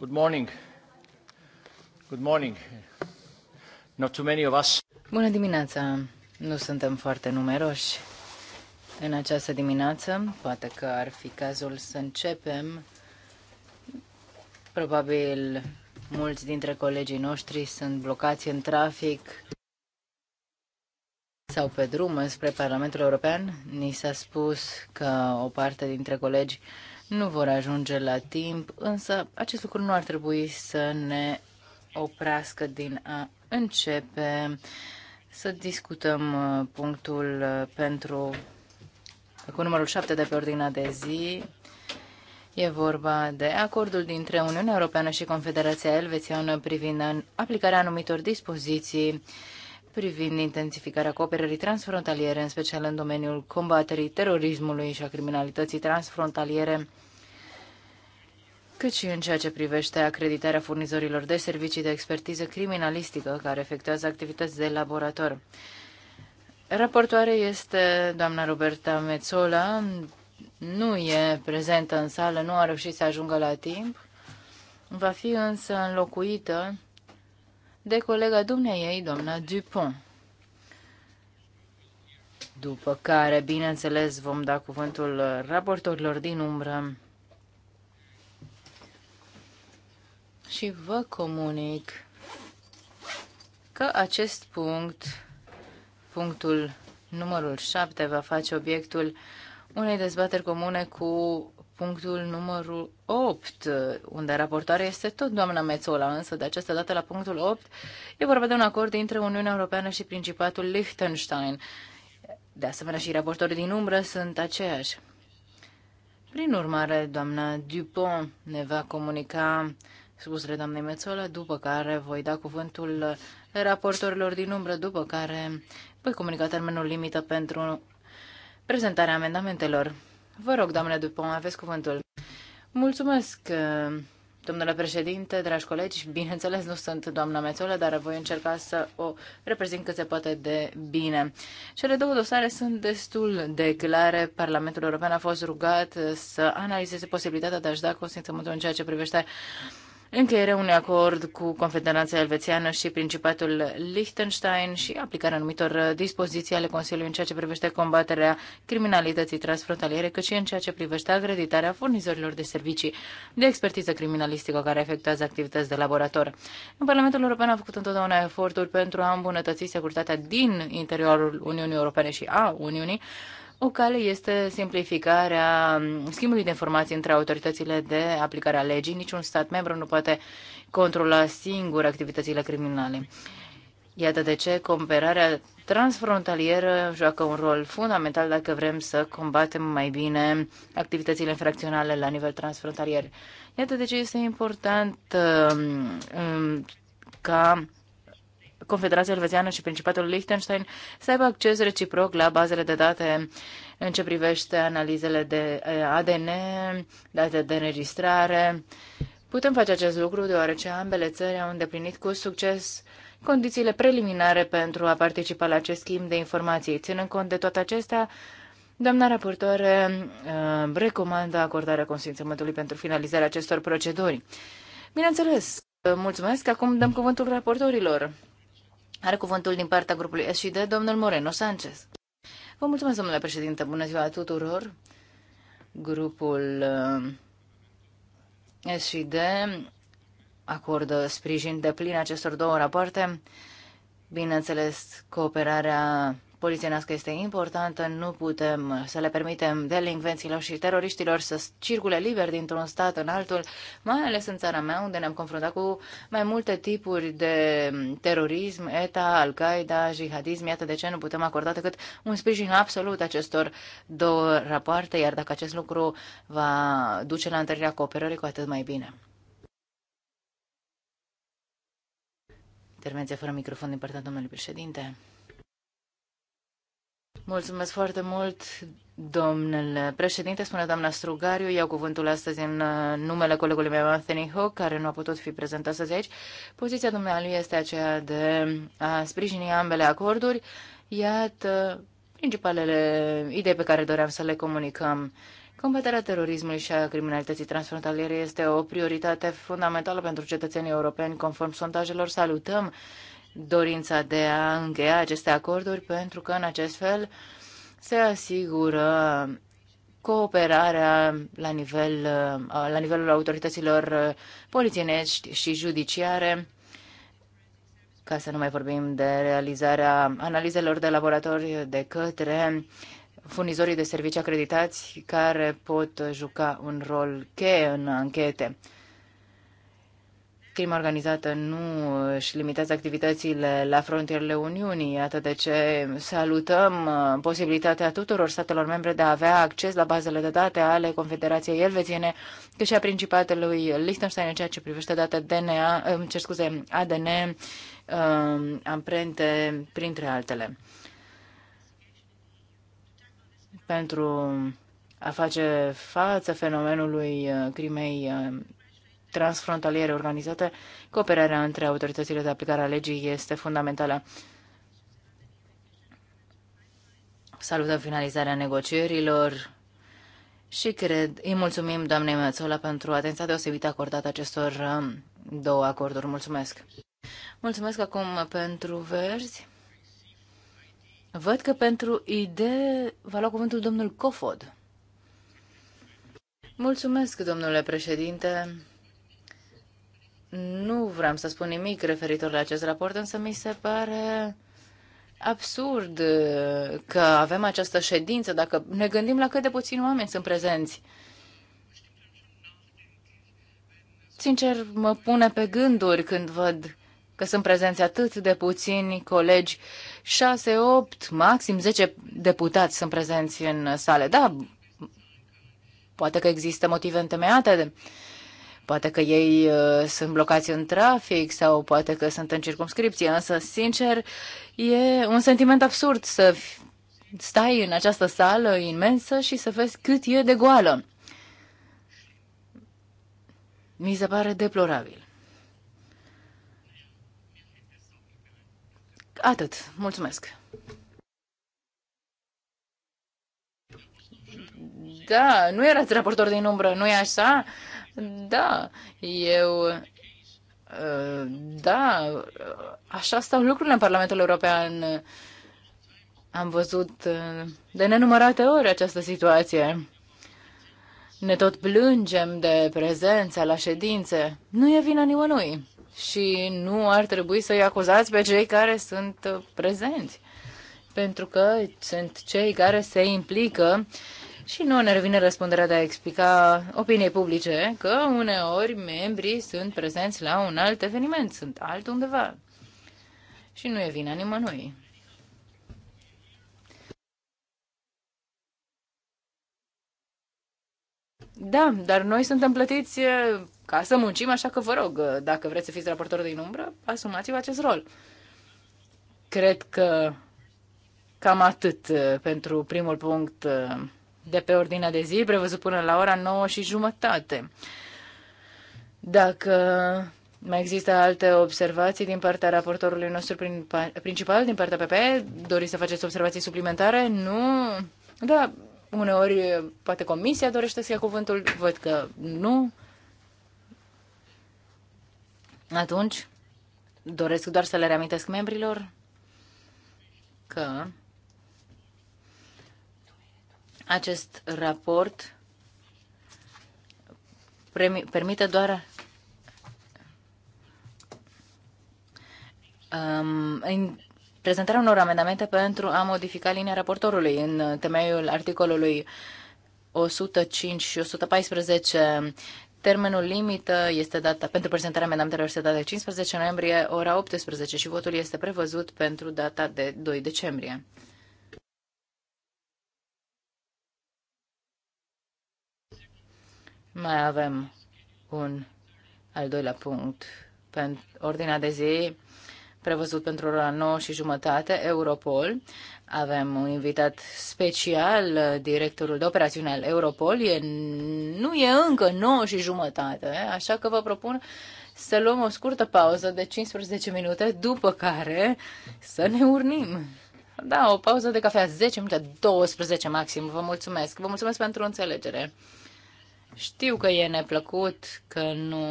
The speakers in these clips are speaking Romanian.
Good morning. Good morning. Not too many of us. Bună dimineața. Nu suntem foarte numeroși în această dimineață. Poate că ar fi cazul să începem. Probabil mulți dintre colegii noștri sunt blocați în trafic sau pe drum spre Parlamentul European. Ni s-a spus că o parte dintre colegi uh, nu vor ajunge la timp, însă acest lucru nu ar trebui să ne oprească din a începe să discutăm uh, punctul uh, pentru uh, cu numărul 7 de pe ordinea de zi. E vorba de acordul dintre Uniunea Europeană și Confederația Elvețiană privind aplicarea anumitor dispoziții privind intensificarea cooperării transfrontaliere, în special în domeniul combaterii terorismului și a criminalității transfrontaliere cât și în ceea ce privește acreditarea furnizorilor de servicii de expertiză criminalistică care efectuează activități de laborator. Raportoare este doamna Roberta Mețola. nu e prezentă în sală, nu a reușit să ajungă la timp, va fi însă înlocuită de colega dumneiei, doamna Dupont. După care, bineînțeles, vom da cuvântul raportorilor din umbră și vă comunic că acest punct, punctul numărul 7, va face obiectul unei dezbateri comune cu punctul numărul 8, unde raportarea este tot doamna Mețola, însă de această dată la punctul 8 e vorba de un acord dintre Uniunea Europeană și Principatul Liechtenstein. De asemenea și raportorii din umbră sunt aceiași. Prin urmare, doamna Dupont ne va comunica spusele doamnei Mețolă, după care voi da cuvântul raportorilor din umbră, după care voi comunica termenul limită pentru prezentarea amendamentelor. Vă rog, doamne Dupont, aveți cuvântul. Mulțumesc, domnule președinte, dragi colegi. Bineînțeles, nu sunt doamna Mețolă, dar voi încerca să o reprezint cât se poate de bine. Cele două dosare sunt destul de clare. Parlamentul European a fost rugat să analizeze posibilitatea de a-și da consimțământul în ceea ce privește încheierea unui acord cu Confederația Elvețiană și Principatul Liechtenstein și aplicarea anumitor dispoziții ale Consiliului în ceea ce privește combaterea criminalității transfrontaliere, cât și în ceea ce privește acreditarea furnizorilor de servicii de expertiză criminalistică care efectuează activități de laborator. În Parlamentul European a făcut întotdeauna eforturi pentru a îmbunătăți securitatea din interiorul Uniunii Europene și a Uniunii, o cale este simplificarea schimbului de informații între autoritățile de aplicare a legii. Niciun stat membru nu poate controla singur activitățile criminale. Iată de ce cooperarea transfrontalieră joacă un rol fundamental dacă vrem să combatem mai bine activitățile infracționale la nivel transfrontalier. Iată de ce este important um, ca Confederația Elvețiană și Principatul Liechtenstein să aibă acces reciproc la bazele de date în ce privește analizele de ADN, date de înregistrare. Putem face acest lucru deoarece ambele țări au îndeplinit cu succes condițiile preliminare pentru a participa la acest schimb de informații. Ținând cont de toate acestea, Doamna raportor recomandă acordarea consimțământului pentru finalizarea acestor proceduri. Bineînțeles, mulțumesc. Acum dăm cuvântul raportorilor. Are cuvântul din partea grupului S domnul Moreno Sanchez. Vă mulțumesc, domnule președinte. Bună ziua tuturor. Grupul uh, S D acordă sprijin de plin acestor două rapoarte. Bineînțeles, cooperarea polițienească este importantă, nu putem să le permitem delinvenților și teroriștilor să circule liber dintr-un stat în altul, mai ales în țara mea, unde ne-am confruntat cu mai multe tipuri de terorism, ETA, Al-Qaeda, jihadism, iată de ce nu putem acorda decât un sprijin absolut acestor două rapoarte, iar dacă acest lucru va duce la întărirea cooperării, cu atât mai bine. Intervenție fără microfon din partea domnului președinte. Mulțumesc foarte mult, domnule președinte, spune doamna Strugariu. Iau cuvântul astăzi în uh, numele colegului meu, Anthony Hook, care nu a putut fi prezent astăzi aici. Poziția dumnealui este aceea de a sprijini ambele acorduri. Iată principalele idei pe care doream să le comunicăm. Combaterea terorismului și a criminalității transfrontaliere este o prioritate fundamentală pentru cetățenii europeni. Conform sondajelor, salutăm dorința de a încheia aceste acorduri, pentru că în acest fel se asigură cooperarea la, nivel, la nivelul autorităților polițienești și judiciare, ca să nu mai vorbim de realizarea analizelor de laborator de către furnizorii de servicii acreditați care pot juca un rol cheie în anchete crima organizată nu își limitează activitățile la frontierele Uniunii, atât de ce salutăm uh, posibilitatea tuturor statelor membre de a avea acces la bazele de date ale Confederației Elvețiene, cât și a Principatelui Liechtenstein în ceea ce privește date DNA, ce scuze, ADN, um, amprente, printre altele. Pentru a face față fenomenului uh, crimei uh, transfrontaliere organizate, cooperarea între autoritățile de aplicare a legii este fundamentală. Salutăm finalizarea negocierilor și cred, îi mulțumim doamnei Mățola pentru atenția deosebită acordată acestor um, două acorduri. Mulțumesc! Mulțumesc acum pentru verzi. Văd că pentru idee va lua cuvântul domnul Cofod. Mulțumesc, domnule președinte. Nu vreau să spun nimic referitor la acest raport, însă mi se pare absurd că avem această ședință dacă ne gândim la cât de puțini oameni sunt prezenți. Sincer, mă pune pe gânduri când văd că sunt prezenți atât de puțini colegi, 6, 8, maxim 10 deputați sunt prezenți în sale. Da, poate că există motive întemeiate de, Poate că ei uh, sunt blocați în trafic sau poate că sunt în circumscripție, însă, sincer, e un sentiment absurd să stai în această sală imensă și să vezi cât e de goală. Mi se pare deplorabil. Atât. Mulțumesc. Da, nu erați raportor din umbră, nu e așa? Da, eu ă, da, așa stau lucrurile în Parlamentul European. Am văzut ă, de nenumărate ori această situație. Ne tot plângem de prezența la ședințe. Nu e vina nimănui și nu ar trebui să-i acuzați pe cei care sunt prezenți, pentru că sunt cei care se implică uh, și nu ne revine răspunderea de a explica opiniei publice că uneori membrii sunt prezenți la un alt eveniment, sunt altundeva. Și nu e vina nimănui. Da, dar noi suntem plătiți eh, ca să muncim, așa că vă rog, eh, dacă vreți să fiți raportor din umbră, asumați-vă acest rol. Cred că cam atât eh, pentru primul punct de pe ordinea de zi, prevăzut până la ora 9 și jumătate. Dacă mai există alte observații din partea raportorului nostru prin, principal, din partea PP? Doriți să faceți observații suplimentare? Nu? Da, uneori poate comisia dorește să ia cuvântul, văd că nu. Atunci, doresc doar să le reamintesc membrilor că acest raport permite doar um, în prezentarea unor amendamente pentru a modifica linia raportorului în temeiul articolului 105 și 114 Termenul limită este data, pentru prezentarea amendamentelor este data de 15 noiembrie, ora 18 și votul este prevăzut pentru data de 2 decembrie. Mai avem un al doilea punct pentru ordinea de zi prevăzut pentru ora 9 și jumătate, Europol. Avem un invitat special, directorul de operațiune al Europol. E, nu e încă 9 și jumătate, așa că vă propun să luăm o scurtă pauză de 15 minute, după care să ne urnim. Da, o pauză de cafea, 10 minute, 12 maxim. Vă mulțumesc. Vă mulțumesc pentru înțelegere. Știu că e neplăcut, că nu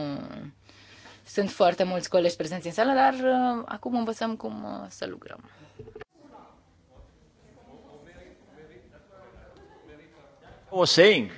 sunt foarte mulți colegi prezenți în sală, dar uh, acum învățăm cum uh, să lucrăm. was saying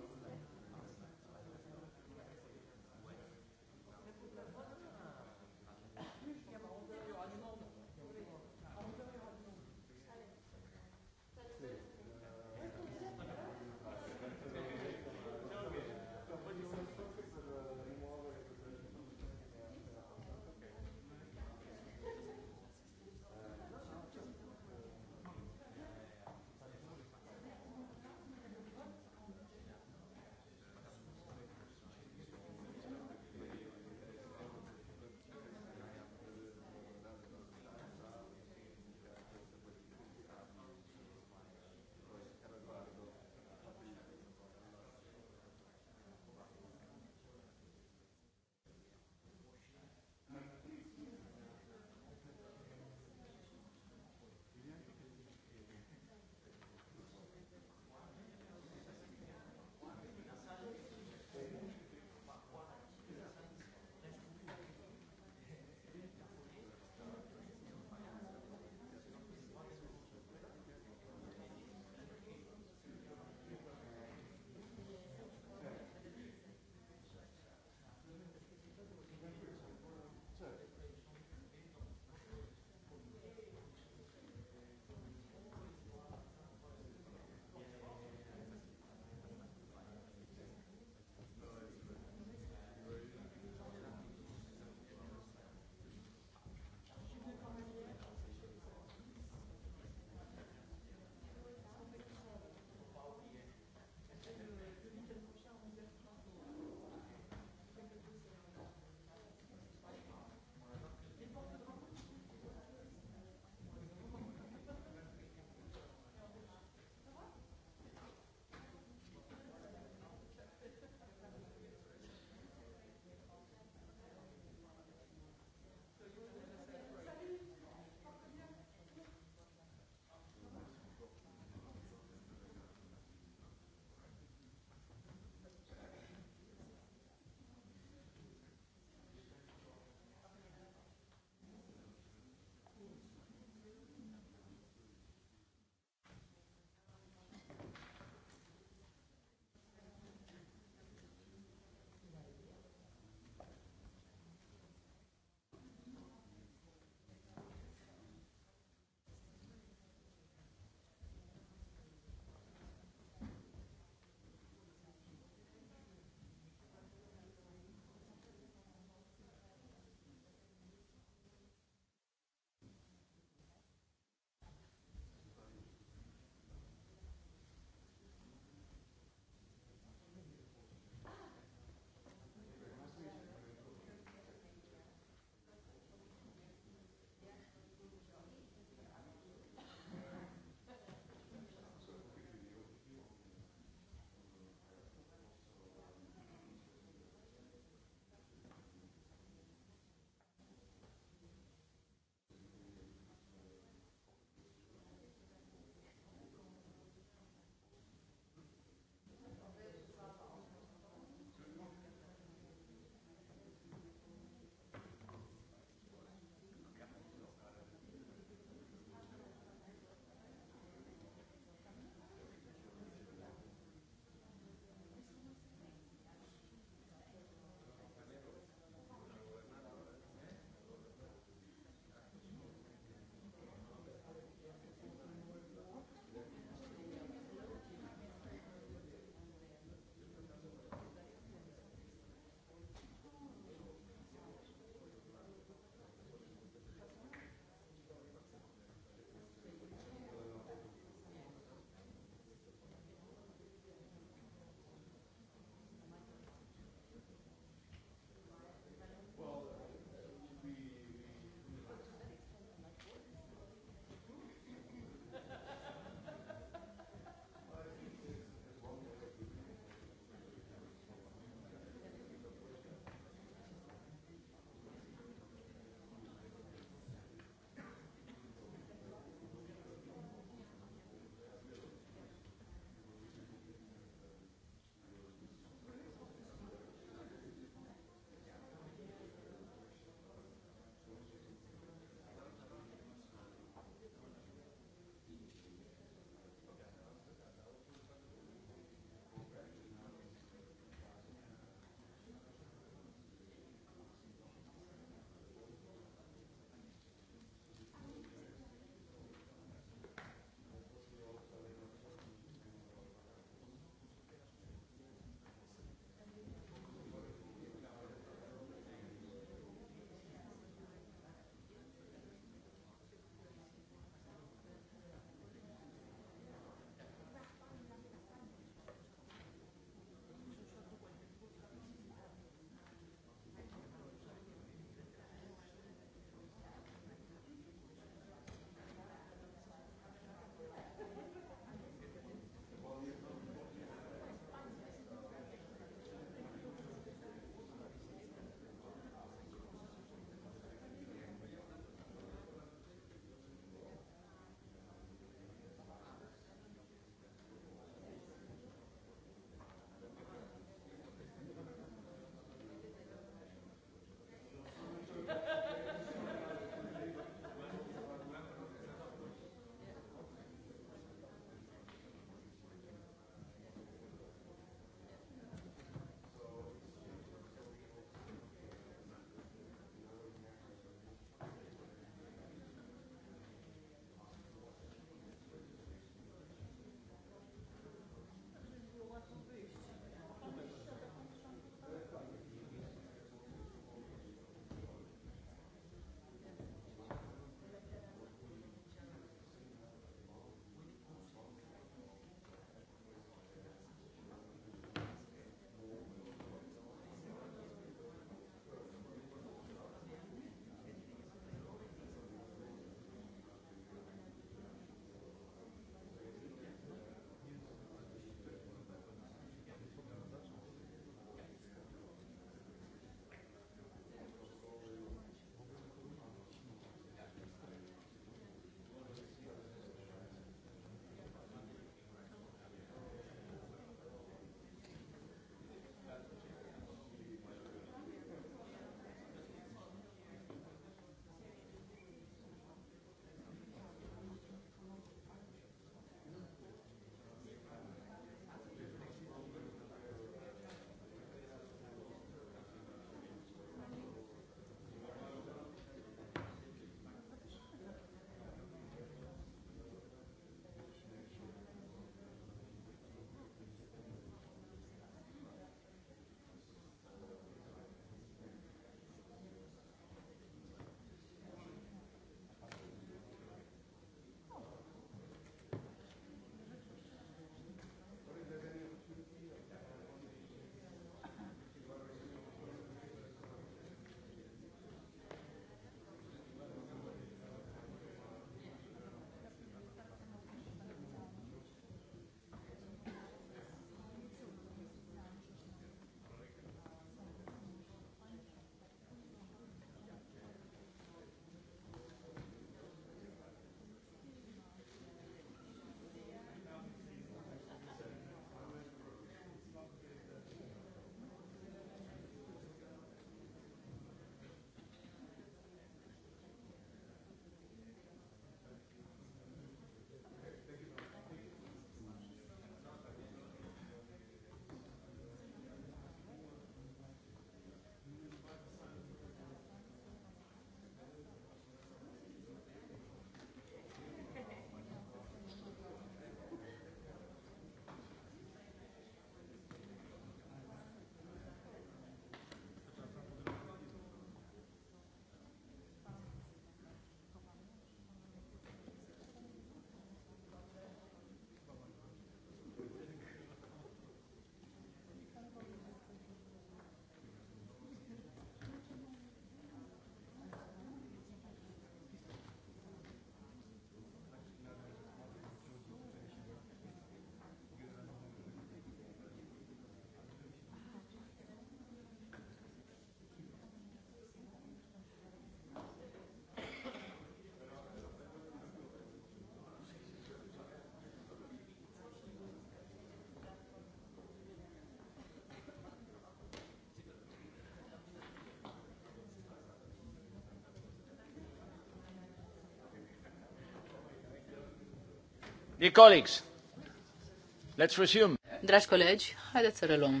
resume. Dragi colegi, haideți să reluăm.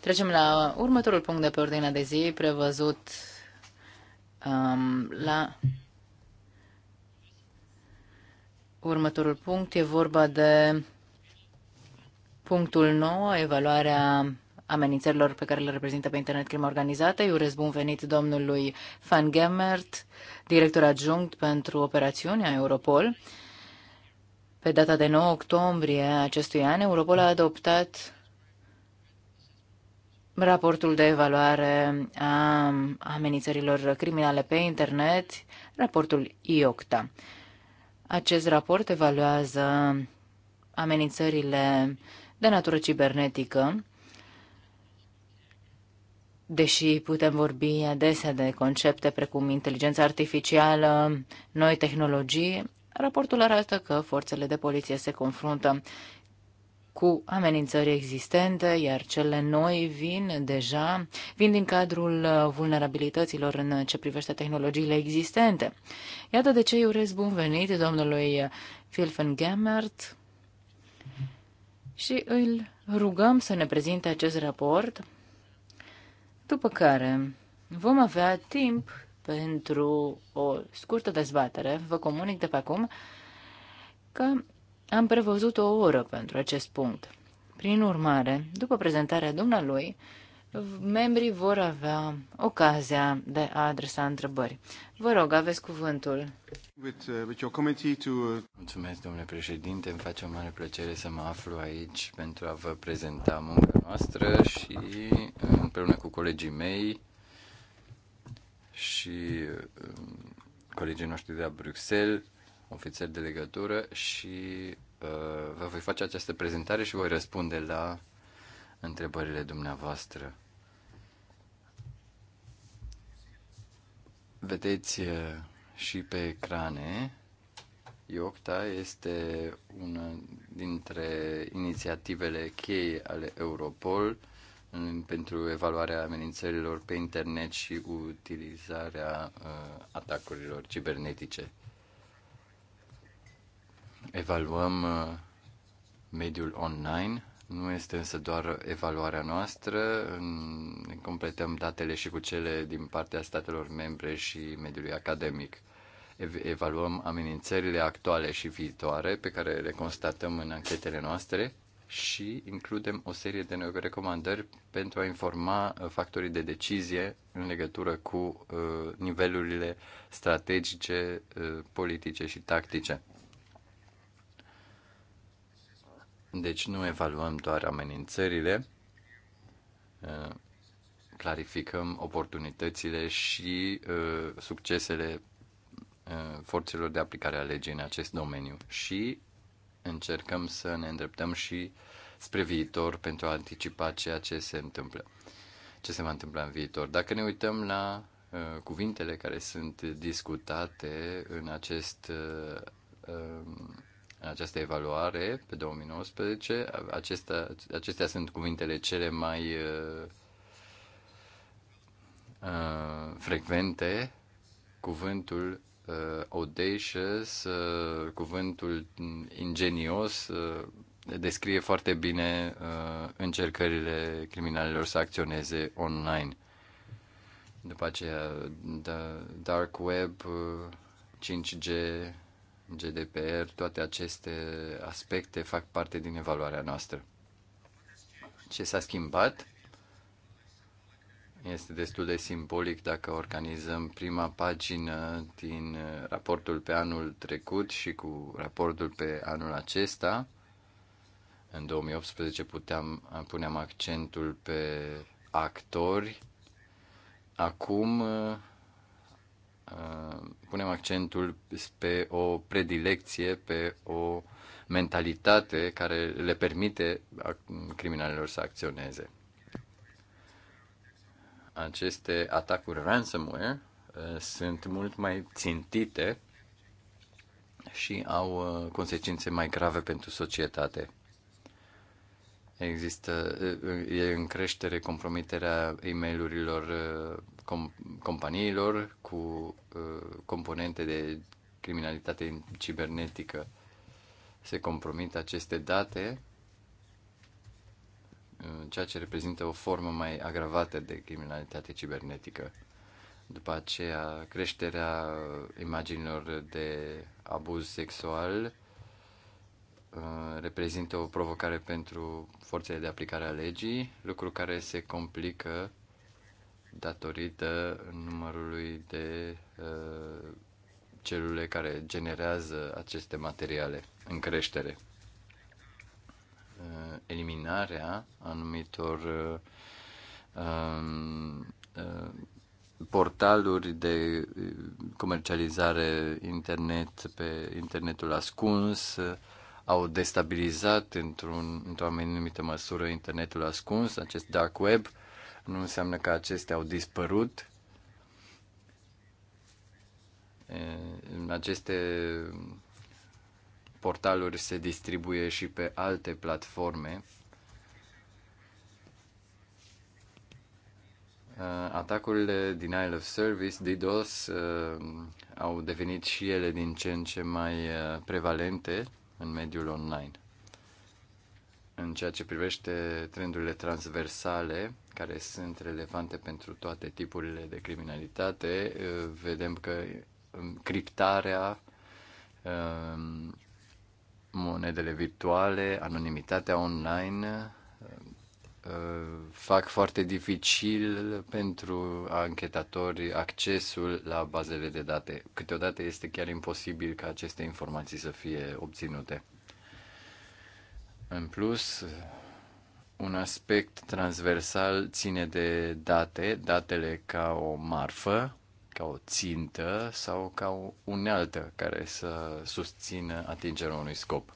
Trecem la următorul punct de pe ordinea de zi, prevăzut um, la următorul punct. E vorba de punctul 9, evaluarea amenințărilor pe care le reprezintă pe internet crima organizată. Eu urez bun venit domnului Van Gemmert, director adjunct pentru operațiunea Europol. Pe data de 9 octombrie acestui an, Europol a adoptat raportul de evaluare a amenințărilor criminale pe internet, raportul IOCTA. Acest raport evaluează amenințările de natură cibernetică deși putem vorbi adesea de concepte precum inteligența artificială, noi tehnologii, raportul arată că forțele de poliție se confruntă cu amenințări existente, iar cele noi vin deja, vin din cadrul vulnerabilităților în ce privește tehnologiile existente. Iată de ce îi urez bun venit domnului Filfen Gemmert și îl rugăm să ne prezinte acest raport după care vom avea timp pentru o scurtă dezbatere. Vă comunic de pe acum că am prevăzut o oră pentru acest punct. Prin urmare, după prezentarea dumnealui, membrii vor avea ocazia de a adresa întrebări. Vă rog, aveți cuvântul. With, uh, with your committee to... Uh, Mulțumesc, domnule președinte. Îmi face o mare plăcere să mă aflu aici pentru a vă prezenta munca noastră și uh, împreună cu colegii mei și uh, colegii noștri de la Bruxelles, ofițer de legătură și uh, vă voi face această prezentare și voi răspunde la întrebările dumneavoastră. vedeți uh, și pe ecrane, IOCTA este una dintre inițiativele chei ale Europol pentru evaluarea amenințărilor pe internet și utilizarea uh, atacurilor cibernetice. Evaluăm uh, mediul online nu este însă doar evaluarea noastră, ne completăm datele și cu cele din partea statelor membre și mediului academic. Evaluăm amenințările actuale și viitoare pe care le constatăm în anchetele noastre și includem o serie de recomandări pentru a informa uh, factorii de decizie în legătură cu uh, nivelurile strategice, uh, politice și tactice. Deci nu evaluăm doar amenințările, uh, clarificăm oportunitățile și uh, succesele uh, forțelor de aplicare a legii în acest domeniu și încercăm să ne îndreptăm și spre viitor pentru a anticipa ceea ce se întâmplă, ce se va întâmpla în viitor. Dacă ne uităm la cuvintele care sunt discutate în acest um, această evaluare pe 2019. Acestea, acestea sunt cuvintele cele mai uh, uh, frecvente. Cuvântul uh, audacious, uh, cuvântul ingenios, uh, descrie foarte bine uh, încercările criminalilor să acționeze online. După aceea, da, Dark Web, uh, 5G, GDPR, toate aceste aspecte fac parte din evaluarea noastră. Ce s-a schimbat? Este destul de simbolic dacă organizăm prima pagină din raportul pe anul trecut și cu raportul pe anul acesta. În 2018 puteam, puneam accentul pe actori. Acum Uh, punem accentul pe o predilecție, pe o mentalitate care le permite criminalilor să acționeze. Aceste atacuri ransomware uh, sunt mult mai țintite și au uh, consecințe mai grave pentru societate. Există, e în creștere compromiterea e mail com, companiilor cu uh, componente de criminalitate cibernetică. Se compromit aceste date, ceea ce reprezintă o formă mai agravată de criminalitate cibernetică. După aceea, creșterea imaginilor de abuz sexual Uh, reprezintă o provocare pentru forțele de aplicare a legii, lucru care se complică datorită numărului de uh, celule care generează aceste materiale în creștere. Uh, eliminarea anumitor uh, um, uh, portaluri de uh, comercializare internet pe internetul ascuns uh, au destabilizat într-un, într-o anumită măsură internetul ascuns, acest dark web. Nu înseamnă că acestea au dispărut. În Aceste portaluri se distribuie și pe alte platforme. Atacurile din Isle of Service, DDoS, au devenit și ele din ce în ce mai prevalente în mediul online. În ceea ce privește trendurile transversale, care sunt relevante pentru toate tipurile de criminalitate, eh, vedem că eh, criptarea, eh, monedele virtuale, anonimitatea online Uh, fac foarte dificil pentru anchetatori accesul la bazele de date. Câteodată este chiar imposibil ca aceste informații să fie obținute. În plus, un aspect transversal ține de date, datele ca o marfă, ca o țintă sau ca o unealtă care să susțină atingerea unui scop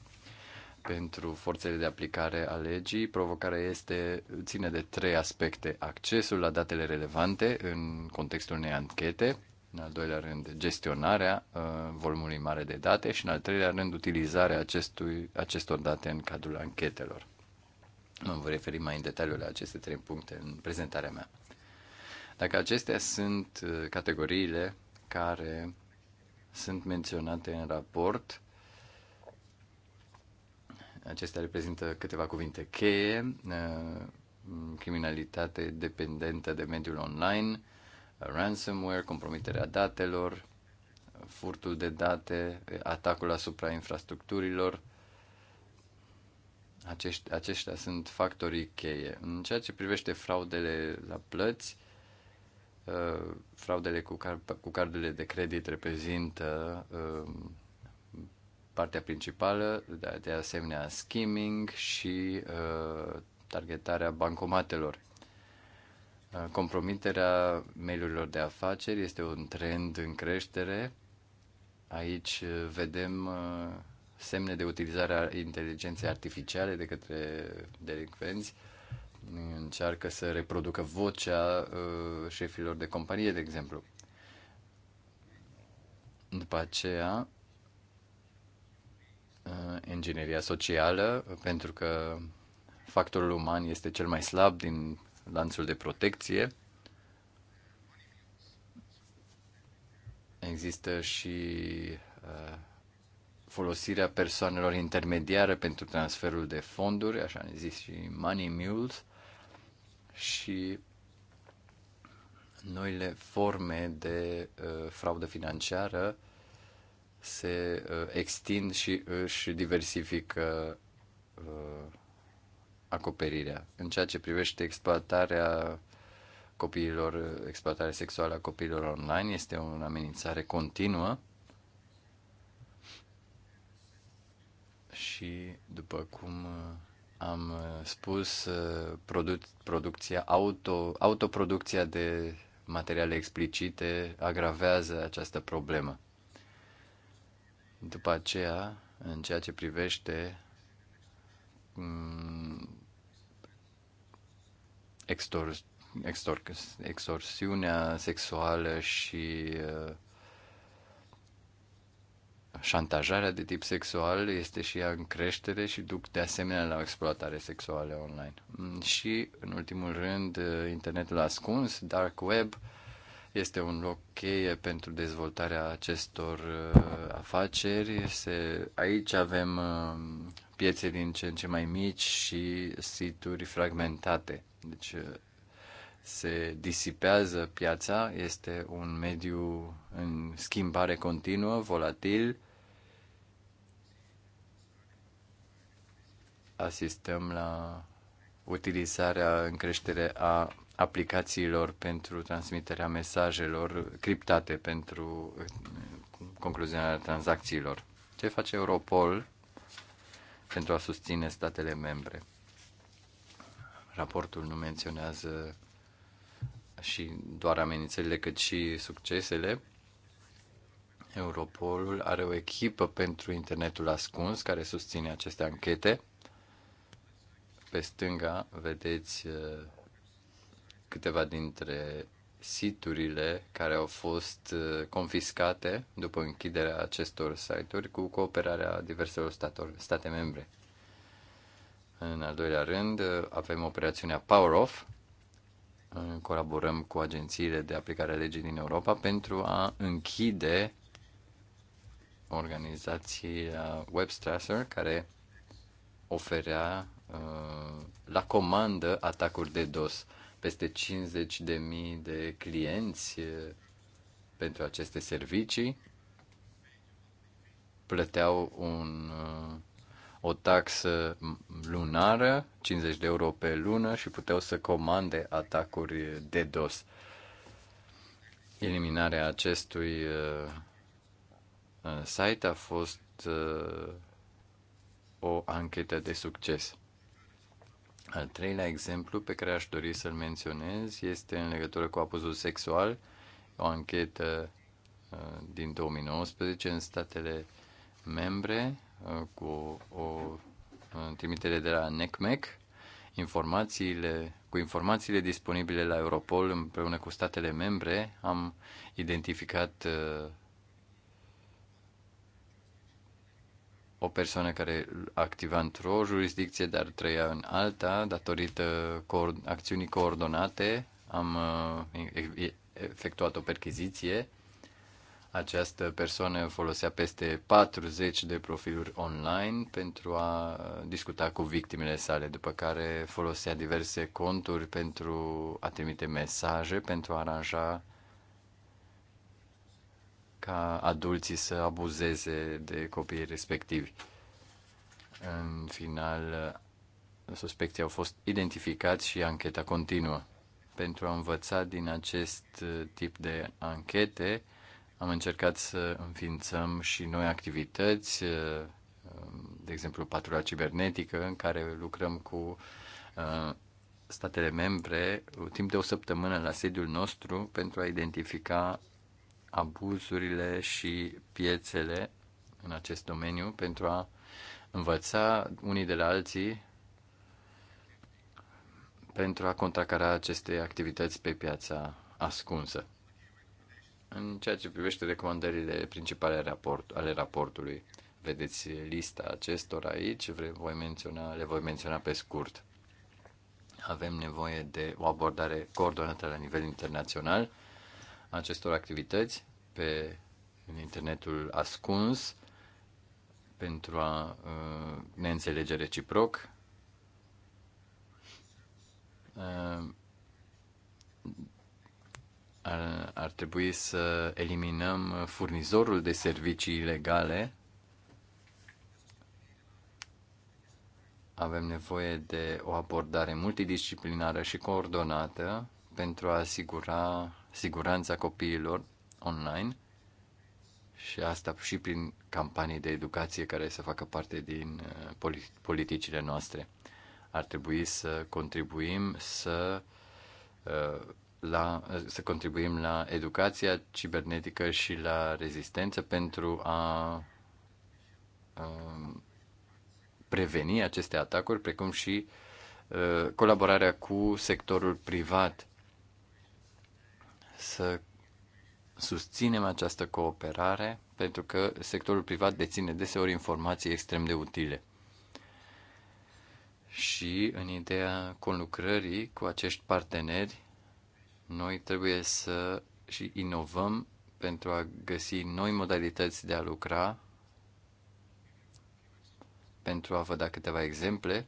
pentru forțele de aplicare a legii, provocarea este, ține de trei aspecte. Accesul la datele relevante în contextul unei anchete, în al doilea rând gestionarea uh, volumului mare de date și în al treilea rând utilizarea acestui, acestor date în cadrul anchetelor. Mă voi referi mai în detaliu la aceste trei puncte în prezentarea mea. Dacă acestea sunt uh, categoriile care sunt menționate în raport, Acestea reprezintă câteva cuvinte cheie, uh, criminalitate dependentă de mediul online, ransomware, compromiterea datelor, furtul de date, atacul asupra infrastructurilor. Acești, aceștia sunt factorii cheie. În ceea ce privește fraudele la plăți, uh, fraudele cu, car, cu cardurile de credit reprezintă uh, Partea principală, de asemenea, skimming și uh, targetarea bancomatelor. Uh, compromiterea mailurilor de afaceri este un trend în creștere. Aici uh, vedem uh, semne de utilizare a inteligenței artificiale de către delinvenți încearcă să reproducă vocea șefilor de companie, de exemplu. După aceea, Uh, ingineria socială, pentru că factorul uman este cel mai slab din lanțul de protecție. Există și uh, folosirea persoanelor intermediare pentru transferul de fonduri, așa ne zis și money mules, și noile forme de uh, fraudă financiară se uh, extind și își diversifică uh, acoperirea. În ceea ce privește exploatarea copiilor, exploatarea sexuală a copiilor online, este o amenințare continuă și, după cum uh, am spus, produc- producția auto, autoproducția de materiale explicite agravează această problemă. După aceea, în ceea ce privește mm, extor, extor, extorsiunea sexuală și uh, șantajarea de tip sexual este și ea în creștere și duc de asemenea la o exploatare sexuală online. Mm, și, în ultimul rând, uh, internetul ascuns, dark web, uh, este un loc cheie pentru dezvoltarea acestor uh, afaceri. Se, aici avem uh, piețe din ce în ce mai mici și situri fragmentate. Deci uh, se disipează piața, este un mediu în schimbare continuă, volatil. Asistăm la utilizarea în creștere a aplicațiilor pentru transmiterea mesajelor criptate pentru uh, concluzionarea tranzacțiilor. Ce face Europol pentru a susține statele membre? Raportul nu menționează și doar amenințările, cât și succesele. Europolul are o echipă pentru internetul ascuns care susține aceste anchete. Pe stânga vedeți uh, câteva dintre siturile care au fost uh, confiscate după închiderea acestor site-uri cu cooperarea diverselor statori, state membre. În al doilea rând, uh, avem operațiunea Power Off. Colaborăm cu agențiile de aplicare a legii din Europa pentru a închide organizația Webstrasser care oferea uh, la comandă atacuri de DOS peste 50.000 de mii de clienți eh, pentru aceste servicii plăteau un, eh, o taxă lunară, 50 de euro pe lună și puteau să comande atacuri de DOS. Eliminarea acestui eh, site a fost o anchetă de succes. Al treilea exemplu pe care aș dori să-l menționez este în legătură cu abuzul sexual, o anchetă uh, din 2019 în statele membre uh, cu o uh, trimitere de la NECMEC. Informațiile, cu informațiile disponibile la Europol împreună cu statele membre am identificat o persoană care activa într-o jurisdicție, dar trăia în alta, datorită co- acțiunii coordonate, am uh, efectuat o percheziție. Această persoană folosea peste 40 de profiluri online pentru a discuta cu victimele sale, după care folosea diverse conturi pentru a trimite mesaje, pentru a aranja ca adulții să abuzeze de copiii respectivi. În final, suspecții au fost identificați și ancheta continuă. Pentru a învăța din acest tip de anchete, am încercat să înființăm și noi activități, uh, de exemplu patrulia cibernetică, în care lucrăm cu uh, statele membre uh, timp de o săptămână la sediul nostru pentru a identifica abuzurile și piețele în acest domeniu pentru a învăța unii de la alții pentru a contracara aceste activități pe piața ascunsă. În ceea ce privește recomandările principale raport, ale raportului, vedeți lista acestor aici, voi menționa, le voi menționa pe scurt. Avem nevoie de o abordare coordonată la nivel internațional acestor activități pe în internetul ascuns pentru a uh, ne înțelege reciproc. Uh, ar, ar trebui să eliminăm furnizorul de servicii ilegale. Avem nevoie de o abordare multidisciplinară și coordonată pentru a asigura siguranța copiilor online și asta și prin campanii de educație care să facă parte din uh, politicile noastre. Ar trebui să contribuim să uh, la, uh, să contribuim la educația cibernetică și la rezistență pentru a, a um, preveni aceste atacuri, precum și a, colaborarea cu sectorul privat să susținem această cooperare pentru că sectorul privat deține deseori informații extrem de utile. Și în ideea conlucrării cu acești parteneri, noi trebuie să și inovăm pentru a găsi noi modalități de a lucra. Pentru a vă da câteva exemple,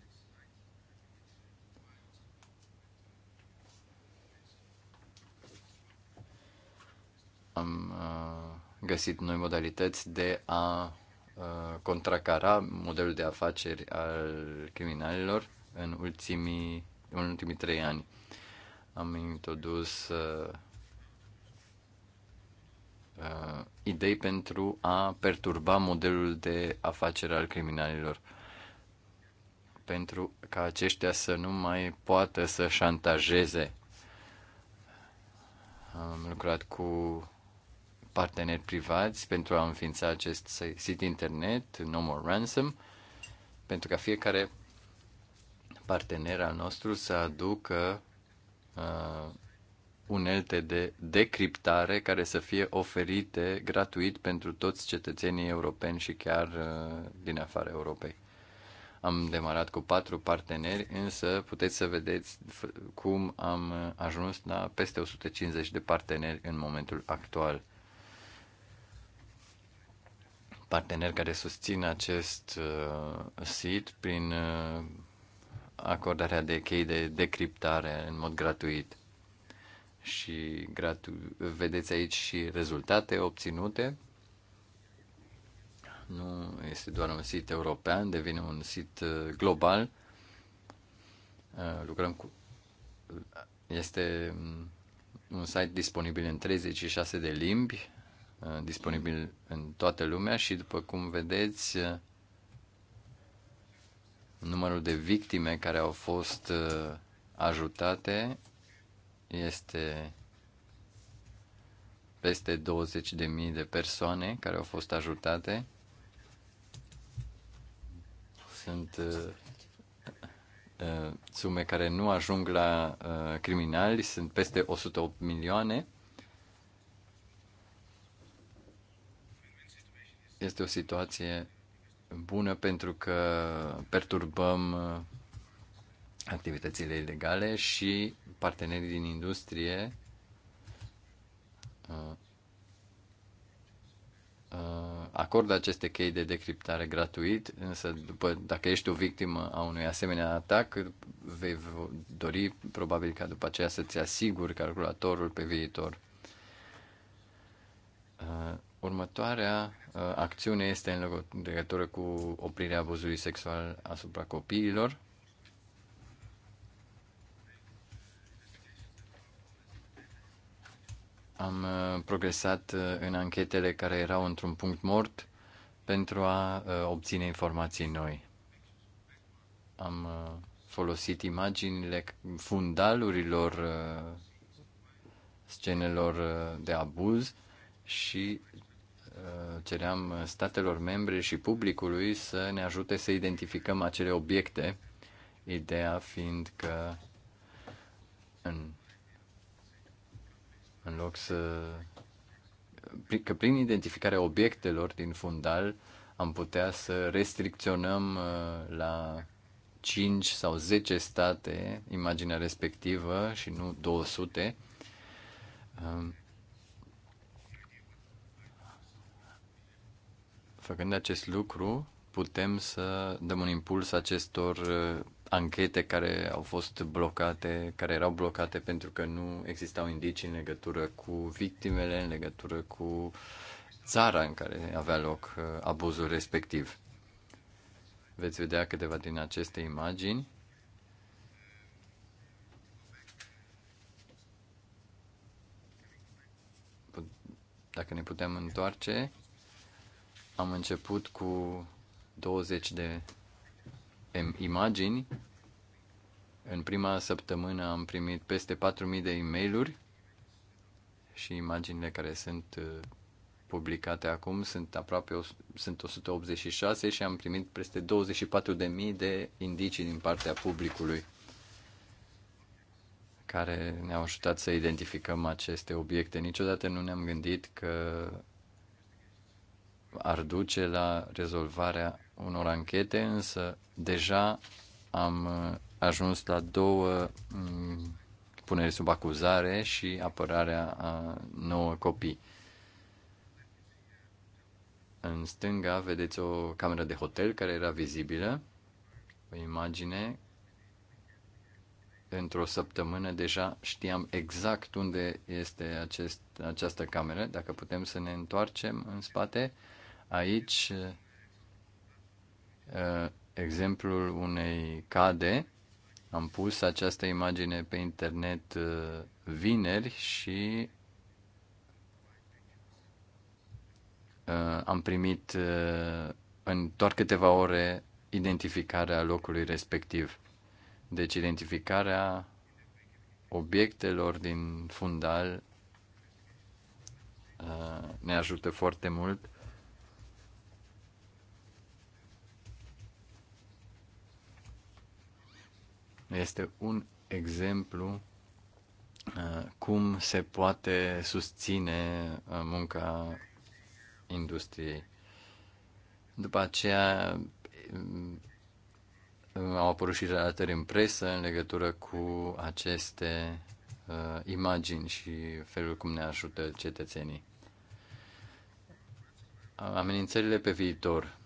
am uh, găsit noi modalități de a uh, contracara modelul de afaceri al criminalilor în ultimii, în ultimii trei ani. Am introdus uh, uh, idei pentru a perturba modelul de afaceri al criminalilor pentru ca aceștia să nu mai poată să șantajeze. Am lucrat cu parteneri privați pentru a înființa acest sit internet, No More Ransom, pentru ca fiecare partener al nostru să aducă uh, unelte de decriptare care să fie oferite gratuit pentru toți cetățenii europeni și chiar uh, din afara Europei. Am demarat cu patru parteneri, însă puteți să vedeți cum am uh, ajuns la peste 150 de parteneri în momentul actual parteneri care susțin acest uh, sit prin uh, acordarea de chei de decriptare în mod gratuit. Și gratu- vedeți aici și rezultate obținute. Nu este doar un sit european, devine un sit uh, global. Lucrăm cu. Este mm, un site disponibil în 36 de limbi Uh, disponibil în toată lumea și, după cum vedeți, uh, numărul de victime care au fost uh, ajutate este peste 20.000 de persoane care au fost ajutate. Sunt uh, sume care nu ajung la uh, criminali, sunt peste 108 milioane. este o situație bună pentru că perturbăm uh, activitățile ilegale și partenerii din industrie uh, uh, acordă aceste chei de decriptare gratuit, însă după, dacă ești o victimă a unui asemenea atac, vei dori probabil ca după aceea să-ți asiguri calculatorul pe viitor. Următoarea uh, acțiune este în legătură cu oprirea abuzului sexual asupra copiilor. Am uh, progresat uh, în anchetele care erau într-un punct mort pentru a uh, obține informații noi. Am uh, folosit imaginile fundalurilor uh, scenelor uh, de abuz și Eh, ceream eh, statelor membre și publicului să ne ajute să identificăm acele obiecte, ideea fiind că în, în loc să. că prin identificarea obiectelor din fundal am putea să restricționăm eh, la 5 sau 10 state imaginea respectivă și nu 200. Făcând acest lucru, putem să dăm un impuls acestor uh, anchete care au fost blocate, care erau blocate pentru că nu existau indicii în legătură cu victimele, în legătură cu țara în care avea loc uh, abuzul respectiv. Veți vedea câteva din aceste imagini. Dacă ne putem întoarce, am început cu 20 de imagini. În prima săptămână am primit peste 4.000 de e-mail-uri și imaginile care sunt uh, publicate acum sunt aproape sunt 186 și am primit peste 24.000 de indicii din partea publicului care ne-au ajutat să identificăm aceste obiecte. Niciodată nu ne-am gândit că ar duce la rezolvarea unor anchete, însă deja am uh, ajuns la două mm, puneri sub acuzare și apărarea a nouă copii. În stânga vedeți o cameră de hotel care era vizibilă, o imagine. Într-o săptămână deja știam exact unde este acest, această cameră. Dacă putem să ne întoarcem în spate, Aici, uh, exemplul unei cade, am pus această imagine pe internet uh, vineri și uh, am primit în doar câteva ore identificarea locului respectiv. Deci identificarea obiectelor din fundal ne ajută foarte mult este un exemplu uh, cum se poate susține uh, munca industriei. După aceea um, au apărut și relatări în presă în legătură cu aceste uh, imagini și felul cum ne ajută cetățenii. Amenințările pe viitor.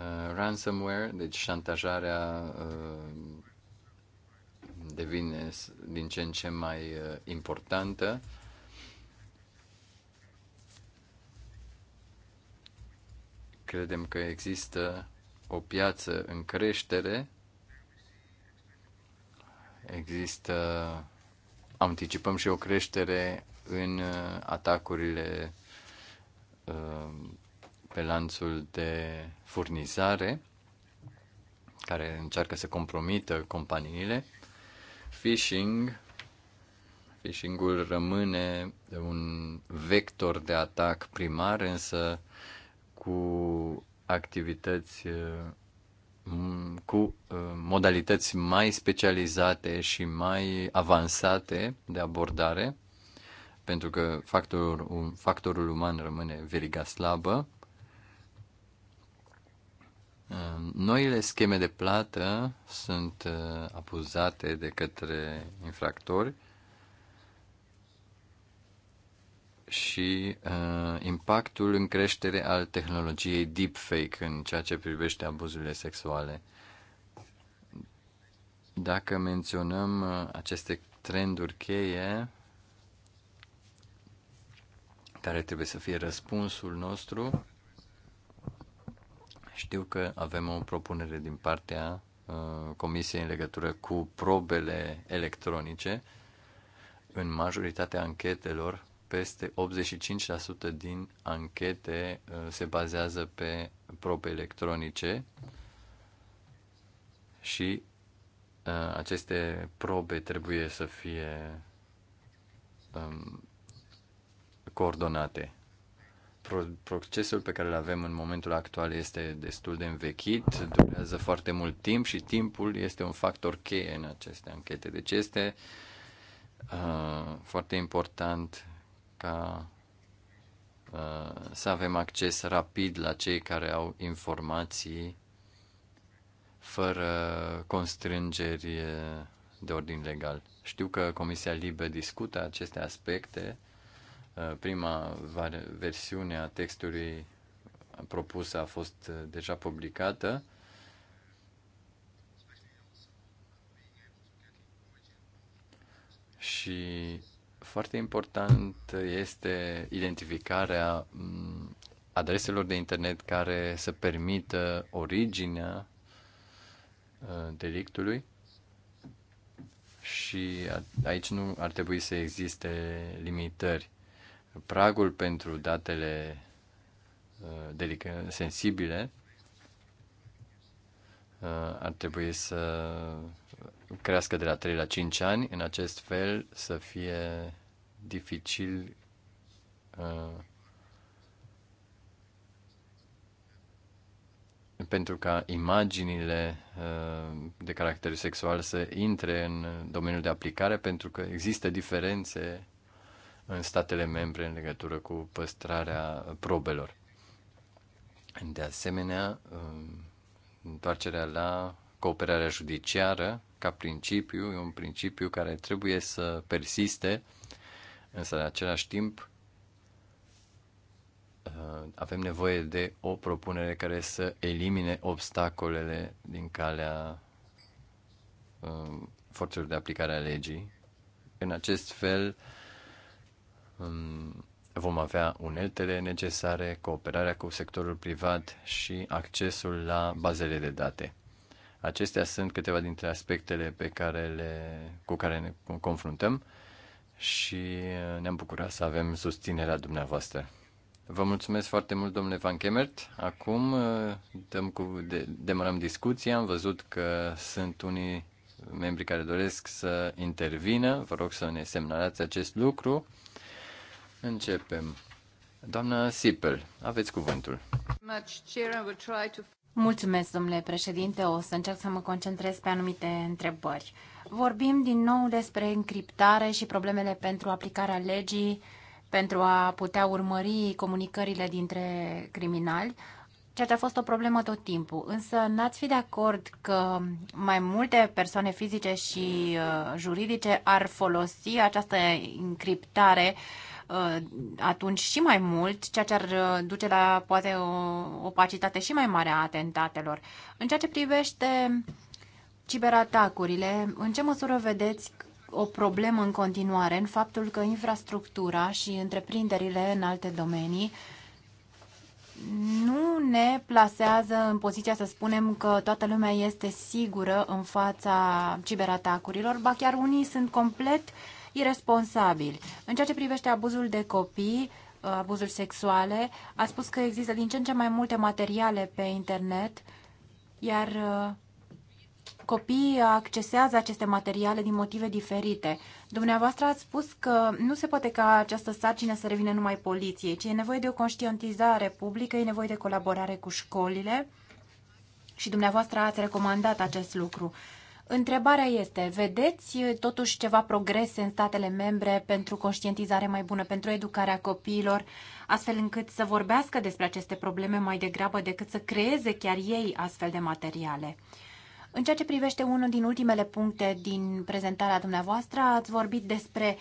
Uh, ransomware, deci șantajarea uh, devine din ce în ce mai uh, importantă. Credem că există o piață în creștere, există, anticipăm și o creștere în atacurile pe lanțul de furnizare care încearcă să compromită companiile. Phishing, phishingul rămâne un vector de atac primar, însă cu activități cu modalități mai specializate și mai avansate de abordare, pentru că factorul, factorul uman rămâne veriga slabă Uh, noile scheme de plată sunt uh, abuzate de către infractori și uh, impactul în creștere al tehnologiei deepfake în ceea ce privește abuzurile sexuale. Dacă menționăm uh, aceste trenduri cheie, care trebuie să fie răspunsul nostru, știu că avem o propunere din partea uh, Comisiei în legătură cu probele electronice. În majoritatea anchetelor, peste 85% din anchete uh, se bazează pe probe electronice și uh, aceste probe trebuie să fie um, coordonate procesul pe care îl avem în momentul actual este destul de învechit, durează foarte mult timp și timpul este un factor cheie în aceste anchete. Deci este uh, foarte important ca uh, să avem acces rapid la cei care au informații fără constrângeri uh, de ordin legal. Știu că Comisia Libe discută aceste aspecte Uh, prima versiune a textului propusă a fost uh, deja publicată. Și foarte important este identificarea mm, adreselor de internet care să permită originea uh, delictului și aici nu ar trebui să existe limitări pragul pentru datele uh, delic- sensibile uh, ar trebui să crească de la 3 la 5 ani, în acest fel să fie dificil uh, pentru ca imaginile de caracter sexual să intre în domeniul de aplicare, pentru că există diferențe în statele membre în legătură cu păstrarea probelor. De asemenea, um, întoarcerea la cooperarea judiciară ca principiu, e un principiu care trebuie să persiste, însă în același timp uh, avem nevoie de o propunere care să elimine obstacolele din calea um, forțelor de aplicare a legii. În acest fel, vom avea uneltele necesare, cooperarea cu sectorul privat și accesul la bazele de date. Acestea sunt câteva dintre aspectele pe care le, cu care ne confruntăm și ne-am bucurat să avem susținerea dumneavoastră. Vă mulțumesc foarte mult, domnule Van Kemert. Acum uh, dăm cu, de, demarăm discuția. Am văzut că sunt unii membri care doresc să intervină. Vă rog să ne semnalați acest lucru. Începem. Doamna Sipel, aveți cuvântul. Mulțumesc, domnule președinte. O să încerc să mă concentrez pe anumite întrebări. Vorbim din nou despre încriptare și problemele pentru aplicarea legii pentru a putea urmări comunicările dintre criminali, ceea ce a fost o problemă tot timpul. Însă n-ați fi de acord că mai multe persoane fizice și uh, juridice ar folosi această încriptare Uh, atunci și mai mult, ceea ce ar uh, duce la poate o opacitate și mai mare a atentatelor. În ceea ce privește ciberatacurile, în ce măsură vedeți o problemă în continuare în faptul că infrastructura și întreprinderile în alte domenii nu ne plasează în poziția să spunem că toată lumea este sigură în fața ciberatacurilor, ba chiar unii sunt complet uh, irresponsabili. În ceea ce privește abuzul de copii, uh, abuzul sexuale, a spus că există din ce în ce mai multe materiale pe internet, iar uh, copiii accesează aceste materiale din motive diferite. Dumneavoastră ați spus că nu se poate ca această sarcină să revină numai poliției, ci e nevoie de o conștientizare publică, e nevoie de colaborare cu școlile și dumneavoastră ați recomandat acest lucru. Întrebarea este, vedeți totuși ceva progrese în statele membre pentru conștientizare mai bună, pentru educarea copiilor, astfel încât să vorbească despre aceste probleme mai degrabă decât să creeze chiar ei astfel de materiale? În ceea ce privește unul din ultimele puncte din prezentarea dumneavoastră, ați vorbit despre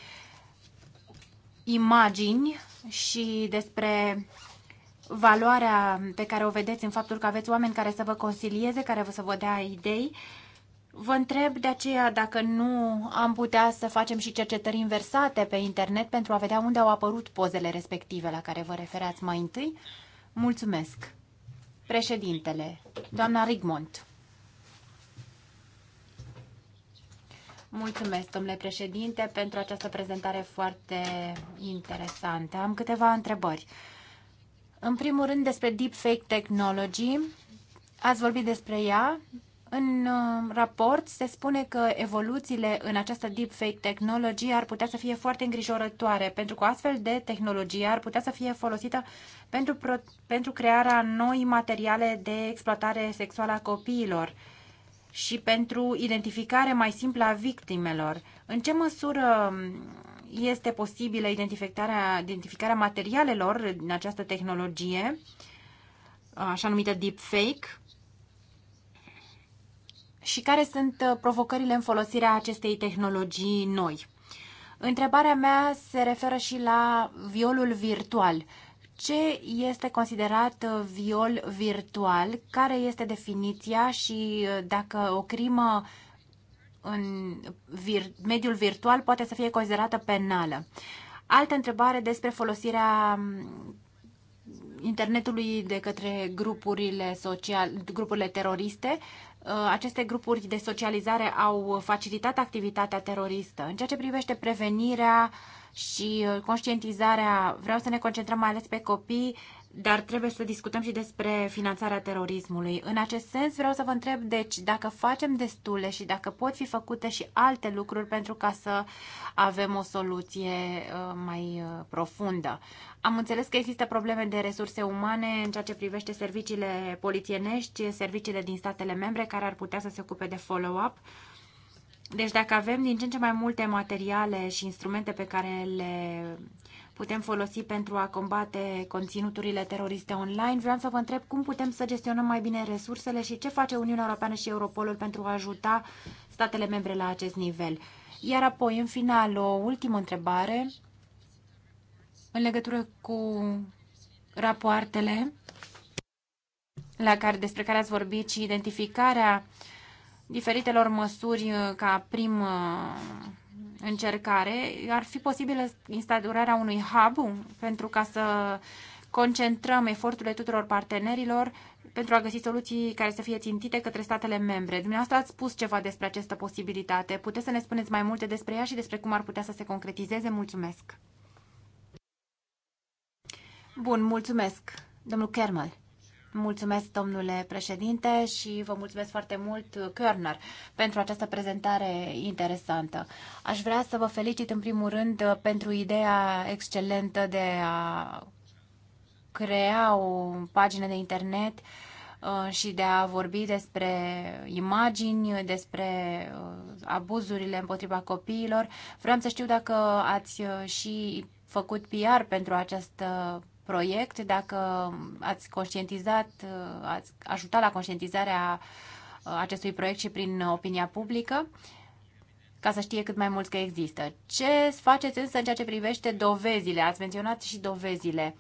imagini și despre valoarea pe care o vedeți în faptul că aveți oameni care să vă consilieze, care să vă dea idei Vă întreb de aceea dacă nu am putea să facem și cercetări inversate pe internet pentru a vedea unde au apărut pozele respective la care vă referați mai întâi. Mulțumesc. Președintele, doamna Rigmont. Mulțumesc, domnule președinte, pentru această prezentare foarte interesantă. Am câteva întrebări. În primul rând, despre Deepfake Technology. Ați vorbit despre ea, în uh, raport se spune că evoluțiile în această deepfake tehnologie ar putea să fie foarte îngrijorătoare, pentru că astfel de tehnologie ar putea să fie folosită pentru, pro- pentru crearea noi materiale de exploatare sexuală a copiilor și pentru identificare mai simplă a victimelor. În ce măsură este posibilă identificarea, identificarea materialelor în această tehnologie, așa numită deepfake? și care sunt uh, provocările în folosirea acestei tehnologii noi. Întrebarea mea se referă și la violul virtual. Ce este considerat uh, viol virtual? Care este definiția și uh, dacă o crimă în vir- mediul virtual poate să fie considerată penală? Altă întrebare despre folosirea um, internetului de către grupurile social, grupurile teroriste. Uh, aceste grupuri de socializare au facilitat activitatea teroristă. În ceea ce privește prevenirea și uh, conștientizarea, vreau să ne concentrăm mai ales pe copii dar trebuie să discutăm și despre finanțarea terorismului. În acest sens vreau să vă întreb, deci, dacă facem destule și dacă pot fi făcute și alte lucruri pentru ca să avem o soluție uh, mai uh, profundă. Am înțeles că există probleme de resurse umane în ceea ce privește serviciile polițienești, serviciile din statele membre care ar putea să se ocupe de follow-up. Deci dacă avem din ce în ce mai multe materiale și instrumente pe care le uh, putem folosi pentru a combate conținuturile teroriste online. Vreau să vă întreb cum putem să gestionăm mai bine resursele și ce face Uniunea Europeană și Europolul pentru a ajuta statele membre la acest nivel. Iar apoi, în final, o ultimă întrebare în legătură cu rapoartele la care, despre care ați vorbit și identificarea diferitelor măsuri ca prim încercare ar fi posibilă instaurarea unui hub pentru ca să concentrăm eforturile tuturor partenerilor pentru a găsi soluții care să fie țintite către statele membre. Dumneavoastră ați spus ceva despre această posibilitate. Puteți să ne spuneți mai multe despre ea și despre cum ar putea să se concretizeze? Mulțumesc! Bun, mulțumesc, domnul Kermel. Mulțumesc, domnule președinte, și vă mulțumesc foarte mult, Körner, pentru această prezentare interesantă. Aș vrea să vă felicit, în primul rând, pentru ideea excelentă de a crea o pagină de internet uh, și de a vorbi despre imagini, despre uh, abuzurile împotriva copiilor. Vreau să știu dacă ați uh, și făcut PR pentru această proiect, dacă ați conștientizat, ați ajutat la conștientizarea uh, acestui proiect și prin opinia publică, ca să știe cât mai mult că există. Ce faceți însă în ceea ce privește dovezile? Ați menționat și dovezile.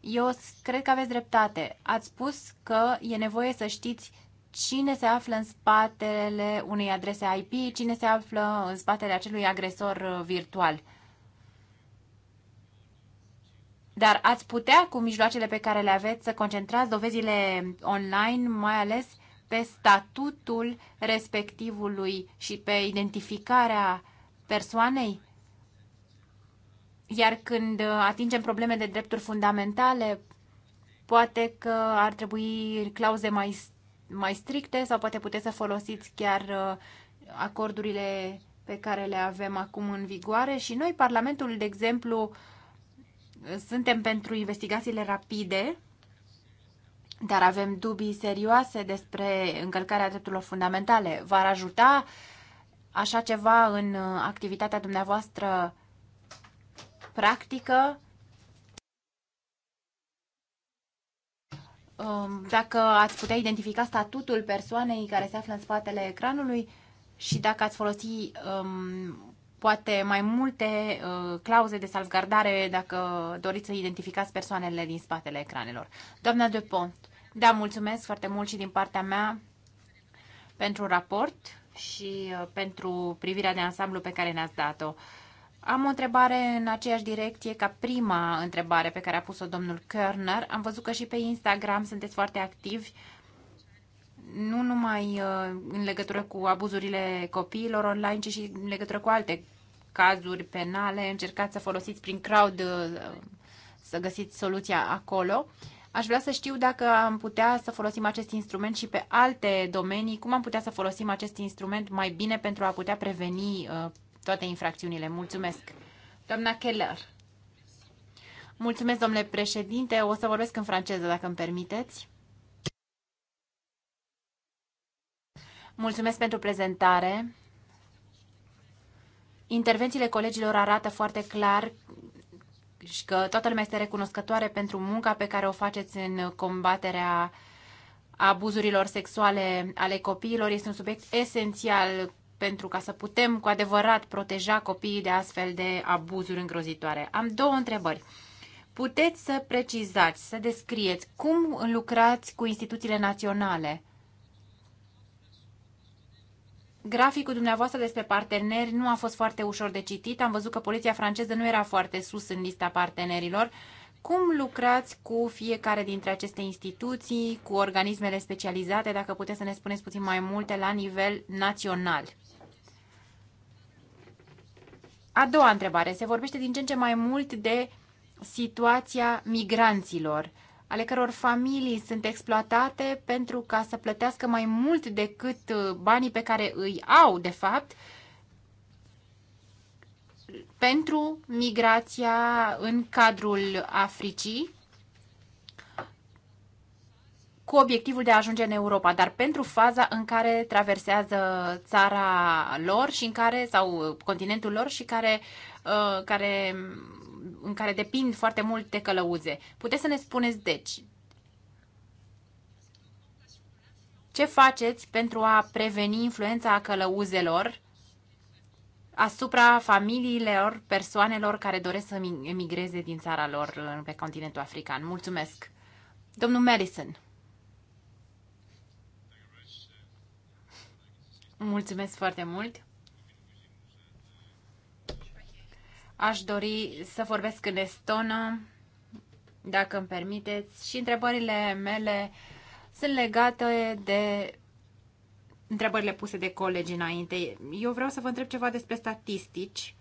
Eu cred că aveți dreptate. Ați spus că e nevoie să știți cine se află în spatele unei adrese IP, cine se află în spatele acelui agresor uh, virtual. Dar ați putea, cu mijloacele pe care le aveți, să concentrați dovezile online, mai ales pe statutul respectivului și pe identificarea persoanei? Iar când atingem probleme de drepturi fundamentale, poate că ar trebui clauze mai, mai stricte sau poate puteți să folosiți chiar uh, acordurile pe care le avem acum în vigoare și noi, Parlamentul, de exemplu, suntem pentru investigațiile rapide, dar avem dubii serioase despre încălcarea drepturilor fundamentale. V-ar ajuta așa ceva în activitatea dumneavoastră practică? Um, dacă ați putea identifica statutul persoanei care se află în spatele ecranului și dacă ați folosi um, poate mai multe uh, clauze de salvgardare dacă doriți să identificați persoanele din spatele ecranelor. Doamna Dupont, da, mulțumesc foarte mult și din partea mea pentru raport și uh, pentru privirea de ansamblu pe care ne-ați dat-o. Am o întrebare în aceeași direcție ca prima întrebare pe care a pus-o domnul Körner. Am văzut că și pe Instagram sunteți foarte activi nu numai uh, în legătură cu abuzurile copiilor online, ci și în legătură cu alte cazuri penale. Încercați să folosiți prin crowd uh, să găsiți soluția acolo. Aș vrea să știu dacă am putea să folosim acest instrument și pe alte domenii, cum am putea să folosim acest instrument mai bine pentru a putea preveni uh, toate infracțiunile. Mulțumesc. Doamna Keller. Mulțumesc, domnule președinte. O să vorbesc în franceză, dacă îmi permiteți. Mulțumesc pentru prezentare. Intervențiile colegilor arată foarte clar și că toată lumea este recunoscătoare pentru munca pe care o faceți în combaterea abuzurilor sexuale ale copiilor. Este un subiect esențial pentru ca să putem cu adevărat proteja copiii de astfel de abuzuri îngrozitoare. Am două întrebări. Puteți să precizați, să descrieți cum lucrați cu instituțiile naționale Graficul dumneavoastră despre parteneri nu a fost foarte ușor de citit. Am văzut că poliția franceză nu era foarte sus în lista partenerilor. Cum lucrați cu fiecare dintre aceste instituții, cu organismele specializate, dacă puteți să ne spuneți puțin mai multe la nivel național? A doua întrebare. Se vorbește din ce în ce mai mult de situația migranților ale căror familii sunt exploatate pentru ca să plătească mai mult decât uh, banii pe care îi au, de fapt, pentru migrația în cadrul Africii cu obiectivul de a ajunge în Europa, dar pentru faza în care traversează țara lor și în care sau continentul lor și care, uh, care în care depind foarte mult de călăuze. Puteți să ne spuneți, deci, ce faceți pentru a preveni influența călăuzelor asupra familiilor, persoanelor care doresc să emigreze din țara lor pe continentul african? Mulțumesc! Domnul Madison. Mulțumesc foarte mult! Aș dori să vorbesc în estonă, dacă îmi permiteți, și întrebările mele sunt legate de întrebările puse de colegi înainte. Eu vreau să vă întreb ceva despre statistici.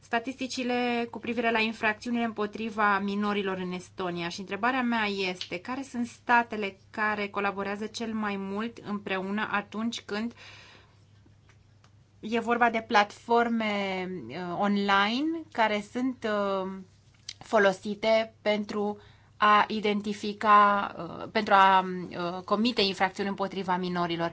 Statisticile cu privire la infracțiunile împotriva minorilor în Estonia și întrebarea mea este care sunt statele care colaborează cel mai mult împreună atunci când uh, E vorba de platforme uh, online care sunt uh, folosite pentru a identifica, uh, pentru a comite infracțiuni împotriva minorilor.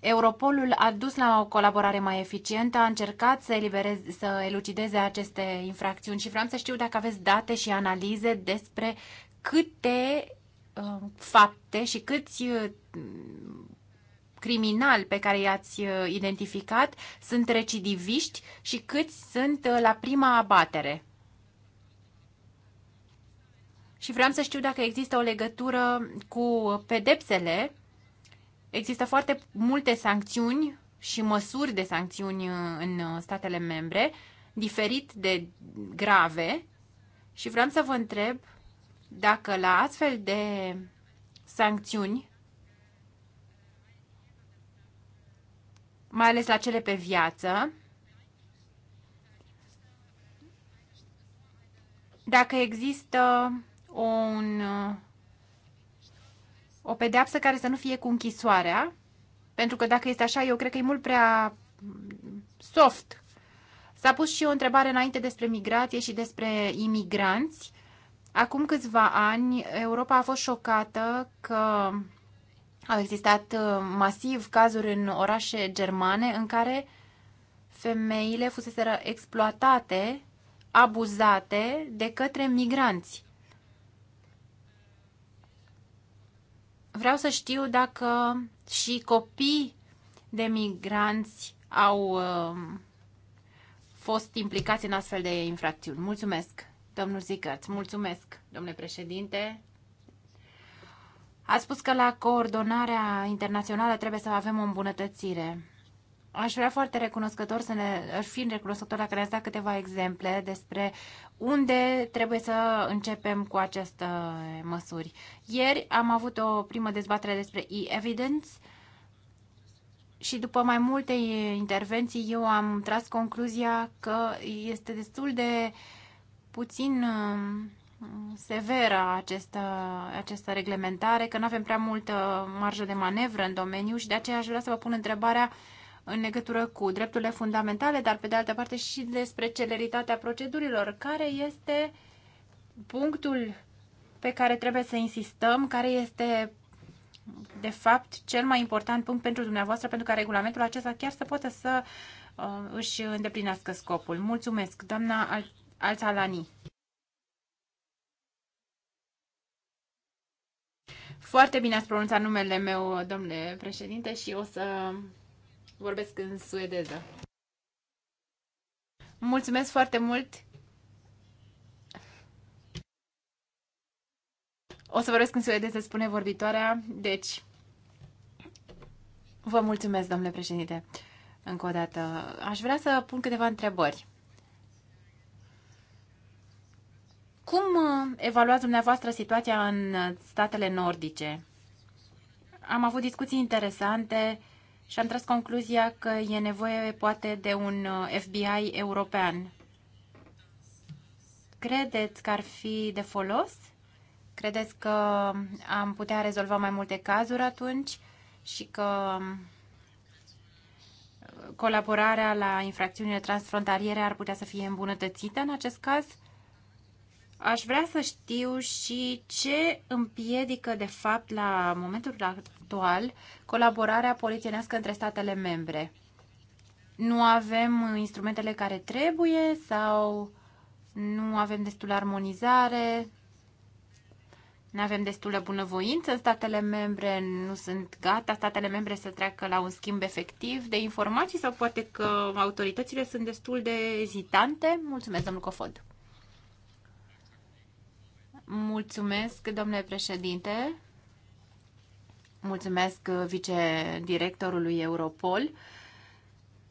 Europolul a dus la o colaborare mai eficientă, a încercat să, elibereze, să elucideze aceste infracțiuni și vreau să știu dacă aveți date și analize despre câte uh, fapte și câți uh, criminali pe care i-ați uh, identificat sunt recidiviști și câți sunt uh, la prima abatere. Și vreau să știu dacă există o legătură cu pedepsele. Există foarte multe sancțiuni și măsuri de sancțiuni uh, în statele membre, diferit de grave. Și vreau să vă întreb dacă la astfel de sancțiuni mai ales la cele pe viață, dacă există un, o pedeapsă care să nu fie cu închisoarea, pentru că dacă este așa, eu cred că e mult prea soft. S-a pus și o întrebare înainte despre migrație și despre imigranți. Acum câțiva ani, Europa a fost șocată că au existat uh, masiv cazuri în orașe germane în care femeile fuseseră exploatate, abuzate de către migranți. Vreau să știu dacă și copii de migranți au uh, fost implicați în astfel de infracțiuni. Mulțumesc, domnul Zicăț. Mulțumesc, domnule președinte. A spus că la coordonarea internațională trebuie să avem o îmbunătățire. Aș vrea foarte recunoscător să ne, aș fi recunoscător dacă ne-ați dat câteva exemple despre unde trebuie să începem cu aceste măsuri. Ieri am avut o primă dezbatere despre e-evidence și după mai multe intervenții eu am tras concluzia că este destul de puțin uh, severă această, această reglementare, că nu avem prea multă marjă de manevră în domeniu și de aceea aș vrea să vă pun întrebarea în legătură cu drepturile fundamentale, dar pe de altă parte și despre celeritatea procedurilor. Care este punctul pe care trebuie să insistăm, care este de fapt cel mai important punct pentru dumneavoastră, pentru ca regulamentul acesta chiar să poată să uh, își îndeplinească scopul. Mulțumesc, doamna Al Alțalani. Foarte bine ați pronunțat numele meu, domnule președinte, și o să vorbesc în suedeză. Mulțumesc foarte mult! O să vorbesc în suedeză, spune vorbitoarea. Deci, vă mulțumesc, domnule președinte, încă o dată. Aș vrea să pun câteva întrebări. Cum uh, evaluați dumneavoastră situația în uh, statele nordice? Am avut discuții interesante și am tras concluzia că e nevoie poate de un uh, FBI european. Credeți că ar fi de folos? Credeți că am putea rezolva mai multe cazuri atunci și că um, colaborarea la infracțiunile transfrontaliere ar putea să fie îmbunătățită în acest caz? Aș vrea să știu și ce împiedică, de fapt, la momentul actual, colaborarea polițienească între statele membre. Nu avem instrumentele care trebuie sau nu avem destul armonizare, nu avem destulă bunăvoință în statele membre, nu sunt gata statele membre să treacă la un schimb efectiv de informații sau poate că autoritățile sunt destul de ezitante? Mulțumesc, domnul Cofod. Mulțumesc, domnule președinte. Mulțumesc vicedirectorului Europol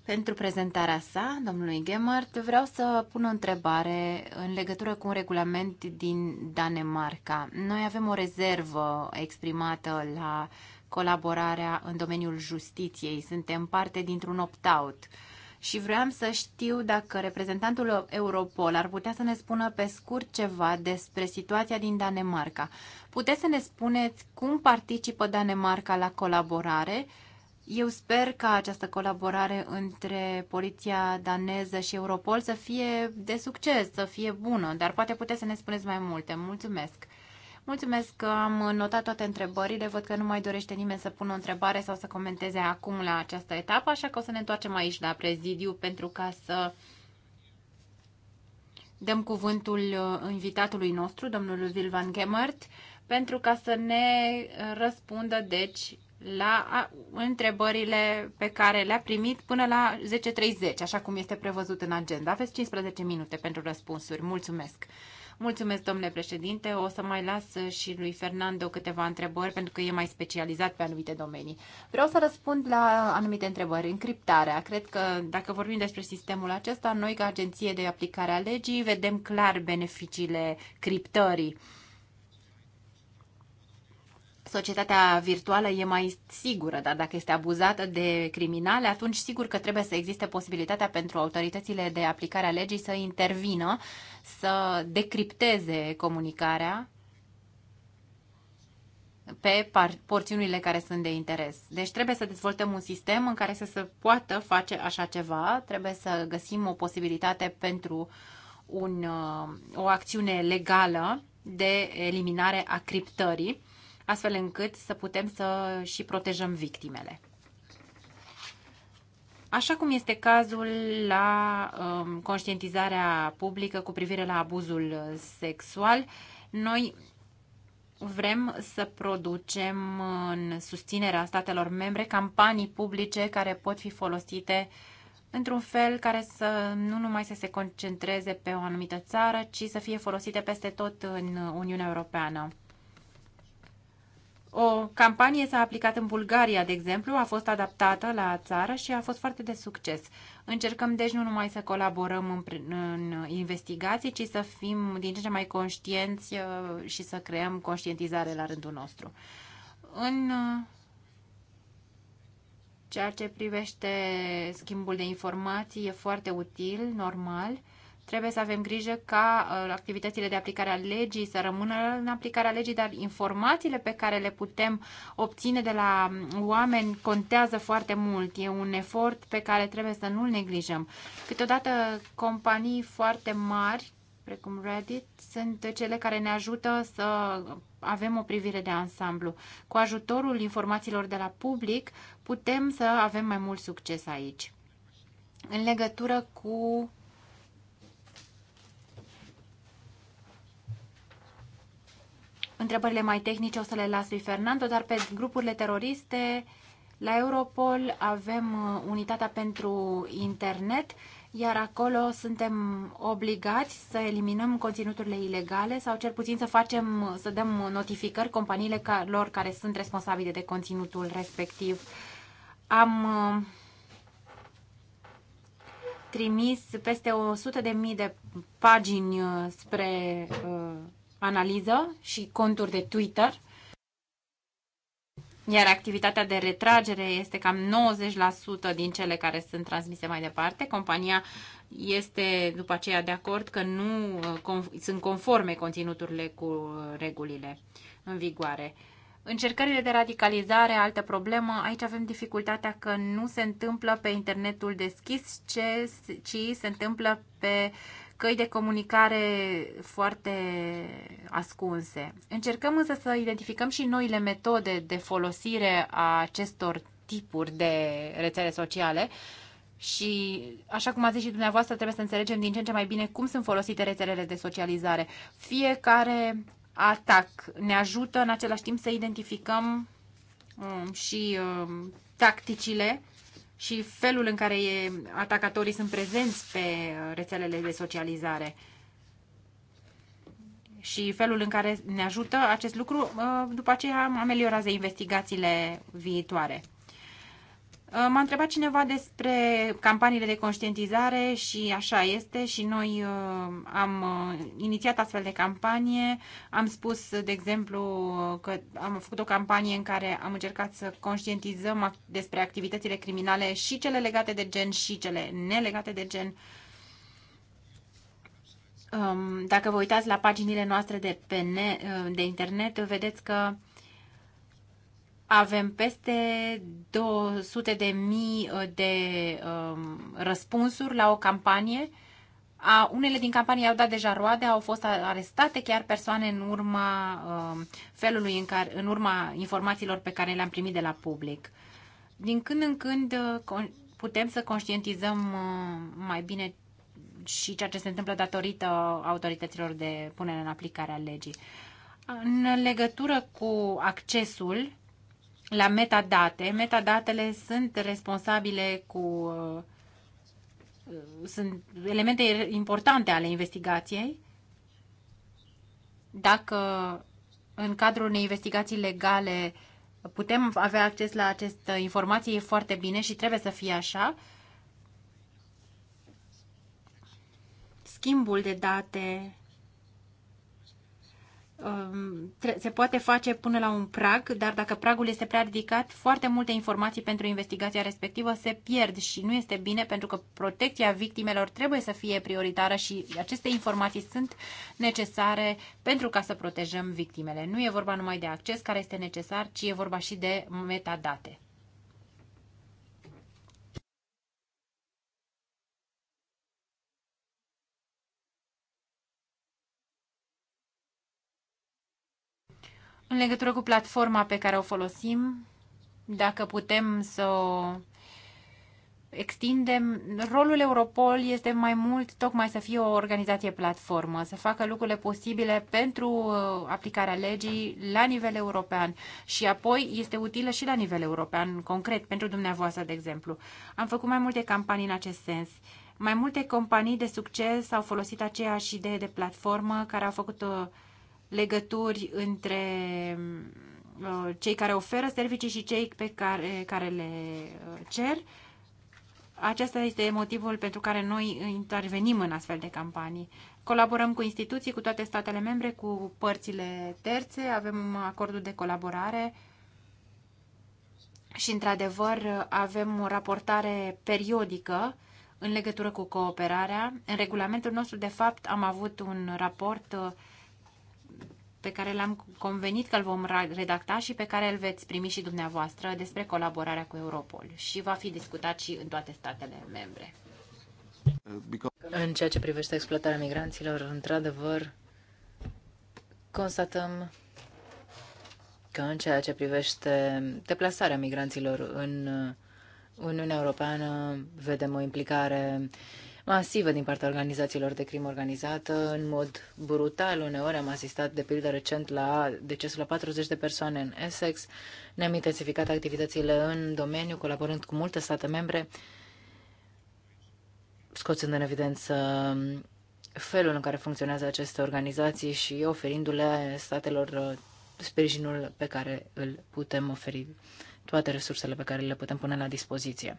pentru prezentarea sa, domnului Gemert. Vreau să pun o întrebare în legătură cu un regulament din Danemarca. Noi avem o rezervă exprimată la colaborarea în domeniul justiției. Suntem parte dintr-un opt-out. Uh, și vreau să știu dacă reprezentantul Europol ar putea să ne spună pe scurt ceva despre situația din Danemarca. Puteți să ne spuneți cum participă Danemarca la colaborare? Eu sper ca această colaborare între poliția daneză și Europol să fie de succes, să fie bună, dar poate puteți să ne spuneți mai multe. Mulțumesc! Mulțumesc că am notat toate întrebările. Văd că nu mai dorește nimeni să pună o întrebare sau să comenteze acum la această etapă, așa că o să ne întoarcem aici la prezidiu pentru ca să dăm cuvântul uh, invitatului nostru, domnul Vilvan Gemert, pentru ca să ne uh, răspundă, deci, la întrebările pe care le-a primit până la 10.30, așa cum este prevăzut în agenda. Aveți 15 minute pentru răspunsuri. Mulțumesc! Mulțumesc, domnule președinte. O să mai las și lui Fernando câteva întrebări, pentru că e mai specializat pe anumite domenii. Vreau să răspund la anumite întrebări. Încriptarea. Cred că dacă vorbim despre sistemul acesta, noi, ca agenție de aplicare a legii, vedem clar beneficiile criptării societatea virtuală e mai sigură, dar dacă este abuzată de criminale, atunci sigur că trebuie să existe posibilitatea pentru autoritățile de aplicare a legii să intervină, să decripteze comunicarea pe porțiunile care sunt de interes. Deci trebuie să dezvoltăm un sistem în care să se poată face așa ceva, trebuie să găsim o posibilitate pentru un, uh, o acțiune legală de eliminare a criptării astfel încât să putem să și protejăm victimele. Așa cum este cazul la um, conștientizarea publică cu privire la abuzul sexual, noi vrem să producem în susținerea statelor membre campanii publice care pot fi folosite într-un fel care să nu numai să se concentreze pe o anumită țară, ci să fie folosite peste tot în Uniunea Europeană. O campanie s-a aplicat în Bulgaria, de exemplu, a fost adaptată la țară și a fost foarte de succes. Încercăm deci nu numai să colaborăm în, în investigații, ci să fim din ce ce mai conștienți uh, și să creăm conștientizare la rândul nostru. În uh, ceea ce privește schimbul de informații, e foarte util, normal, Trebuie să avem grijă ca uh, activitățile de aplicare a legii să rămână în aplicarea legii, dar informațiile pe care le putem obține de la um, oameni contează foarte mult. E un efort pe care trebuie să nu-l neglijăm. Câteodată companii foarte mari precum Reddit, sunt cele care ne ajută să avem o privire de ansamblu. Cu ajutorul informațiilor de la public putem să avem mai mult succes aici. În legătură cu Întrebările mai tehnice o să le las lui Fernando, dar pe grupurile teroriste, la Europol avem uh, unitatea pentru internet, iar acolo suntem obligați să eliminăm conținuturile ilegale sau cel puțin să facem, să dăm notificări companiile ca, lor care sunt responsabile de conținutul respectiv. Am uh, trimis peste 100.000 de, de pagini uh, spre analiză și conturi de Twitter, iar activitatea de retragere este cam 90% din cele care sunt transmise mai departe. Compania este după aceea de acord că nu sunt conforme conținuturile cu regulile în vigoare. Încercările de radicalizare, altă problemă, aici avem dificultatea că nu se întâmplă pe internetul deschis, ci se întâmplă pe uh, căi de comunicare foarte ascunse. Încercăm însă să identificăm și noile metode de folosire a acestor tipuri de rețele sociale și, așa cum a zis și dumneavoastră, trebuie să înțelegem din ce în ce mai bine cum sunt folosite rețelele de socializare. Fiecare atac ne ajută în același timp să identificăm um, și um, tacticile și felul în care atacatorii sunt prezenți pe uh, rețelele de socializare și felul în care ne ajută acest lucru, uh, după aceea ameliorează investigațiile viitoare. Uh, m-a întrebat cineva despre campaniile de conștientizare și așa este și noi uh, am uh, inițiat astfel de campanie. Am spus, de exemplu, că am făcut o campanie în care am încercat să conștientizăm despre activitățile criminale și cele legate de gen și cele nelegate de gen. Um, dacă vă uitați la paginile noastre de, pe de internet, vedeți că avem peste 200 de mii uh, de um, răspunsuri la o campanie. A, unele din campanii au dat deja roade, au fost arestate chiar persoane în urma um, felului în care, în urma informațiilor pe care le-am primit de la public. Din când în când uh, putem să conștientizăm uh, mai bine și ceea ce se întâmplă datorită autorităților de punere în aplicare a legii. În legătură cu accesul, la metadate. Metadatele sunt responsabile cu uh, sunt elemente importante ale investigației. Dacă în cadrul unei investigații legale putem avea acces la această informație, e foarte bine și trebuie să fie așa. Schimbul de date Um, se poate face până la un prag, dar dacă pragul este prea ridicat, foarte multe informații pentru investigația respectivă se pierd și nu este bine pentru că protecția victimelor trebuie să fie prioritară și aceste informații sunt necesare pentru ca să protejăm victimele. Nu e vorba numai de acces care este necesar, ci e vorba și de metadate. În legătură cu platforma pe care o folosim, dacă putem să o extindem, rolul Europol este mai mult tocmai să fie o organizație platformă, să facă lucrurile posibile pentru uh, aplicarea legii la nivel european și apoi este utilă și la nivel european, concret, pentru dumneavoastră, de exemplu. Am făcut mai multe campanii în acest sens. Mai multe companii de succes au folosit aceeași idee de platformă care a făcut-o uh, legături între uh, cei care oferă servicii și cei pe care, care le uh, cer. Acesta este motivul pentru care noi intervenim în astfel de campanii. Colaborăm cu instituții, cu toate statele membre, cu părțile terțe, avem acordul de colaborare și, într-adevăr, avem o raportare periodică în legătură cu cooperarea. În regulamentul nostru, de fapt, am avut un raport uh, pe care l-am convenit că îl vom redacta și pe care îl veți primi și dumneavoastră despre colaborarea cu Europol și va fi discutat și în toate statele membre. În ceea ce privește exploatarea migranților, într-adevăr, constatăm că în ceea ce privește deplasarea migranților în Uniunea Europeană, vedem o implicare masivă din partea organizațiilor de crimă organizată. În mod brutal, uneori am asistat de pildă recent la decesul a 40 de persoane în Essex. Ne-am intensificat activitățile în domeniu, colaborând cu multe state membre, scoțând în evidență felul în care funcționează aceste organizații și oferindu-le statelor uh, sprijinul pe care îl putem oferi, toate resursele pe care le putem pune la dispoziție.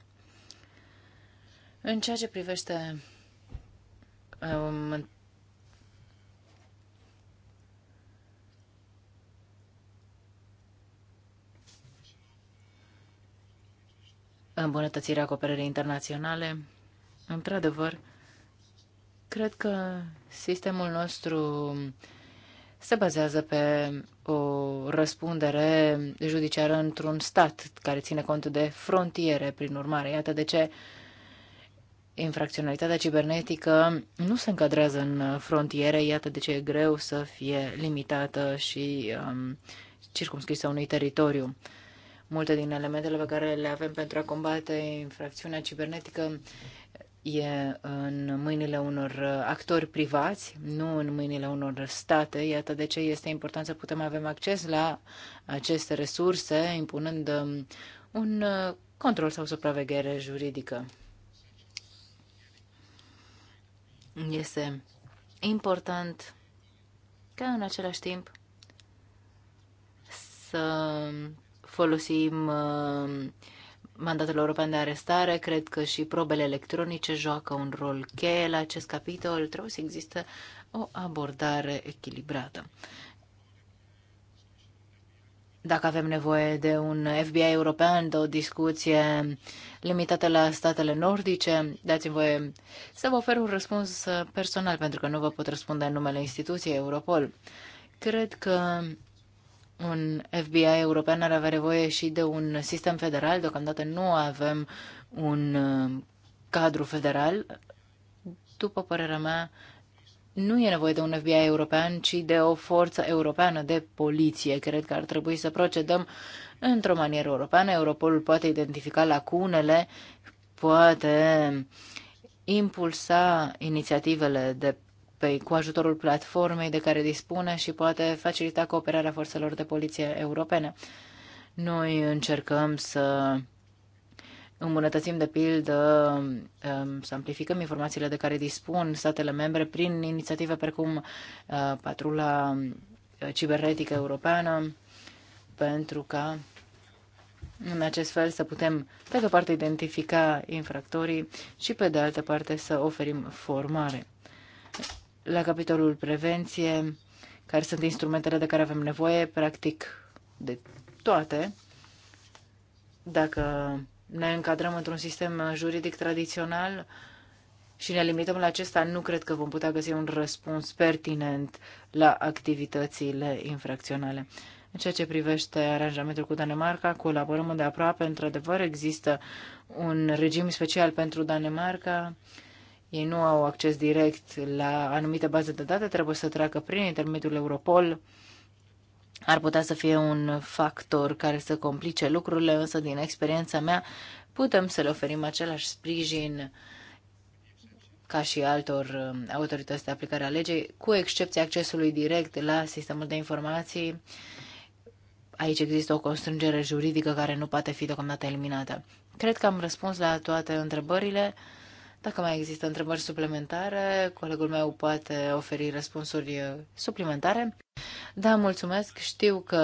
În ceea ce privește um, îmbunătățirea cooperării internaționale, într-adevăr, cred că sistemul nostru se bazează pe o răspundere judiciară într-un stat care ține cont de frontiere, prin urmare. Iată de ce uh, infracționalitatea cibernetică nu se încadrează în frontiere, iată de ce e greu să fie limitată și um, circumscrisă unui teritoriu. Multe din elementele pe care le avem pentru a combate infracțiunea cibernetică e în mâinile unor actori privați, nu în mâinile unor state. Iată de ce este important să putem avea acces la aceste resurse, impunând um, un uh, control sau supraveghere juridică. Este important ca în același timp să folosim uh, mandatul european de arestare. Cred că și probele electronice joacă un rol cheie la acest capitol. Trebuie să există o abordare echilibrată. Dacă avem nevoie de un FBI european, de o discuție limitată la statele nordice. Dați-mi voie să vă ofer un răspuns personal, pentru că nu vă pot răspunde în numele instituției Europol. Cred că un FBI european ar avea nevoie și de un sistem federal. Deocamdată nu avem un uh, cadru federal. După părerea mea, nu e nevoie de un FBI european, ci de o forță europeană de poliție. Cred că ar trebui să procedăm într-o manieră europeană. Europolul poate identifica lacunele, poate impulsa inițiativele de pe, cu ajutorul platformei de care dispune și poate facilita cooperarea forțelor de poliție europene. Noi încercăm să îmbunătățim de pildă, um, să amplificăm informațiile de care dispun statele membre prin inițiative precum uh, patrula uh, ciberetică europeană, pentru ca în acest fel să putem, pe de o parte, identifica infractorii și, pe de altă parte, să oferim formare. La capitolul prevenție, care sunt instrumentele de care avem nevoie, practic, de toate, dacă ne încadrăm într-un sistem juridic tradițional și ne limităm la acesta, nu cred că vom putea găsi un răspuns pertinent la activitățile infracționale. În ceea ce privește aranjamentul cu Danemarca, colaborăm de aproape. Într-adevăr, există un regim special pentru Danemarca. Ei nu au acces direct la anumite baze de date, trebuie să treacă prin intermediul Europol ar putea să fie un factor care să complice lucrurile, însă din experiența mea putem să le oferim același sprijin ca și altor um, autorități de aplicare a legei, cu excepția accesului direct la sistemul de informații. Aici există o constrângere juridică care nu poate fi deocamdată eliminată. Cred că am răspuns la toate întrebările. Dacă mai există întrebări suplimentare, colegul meu poate oferi răspunsuri suplimentare. Da, mulțumesc. Știu că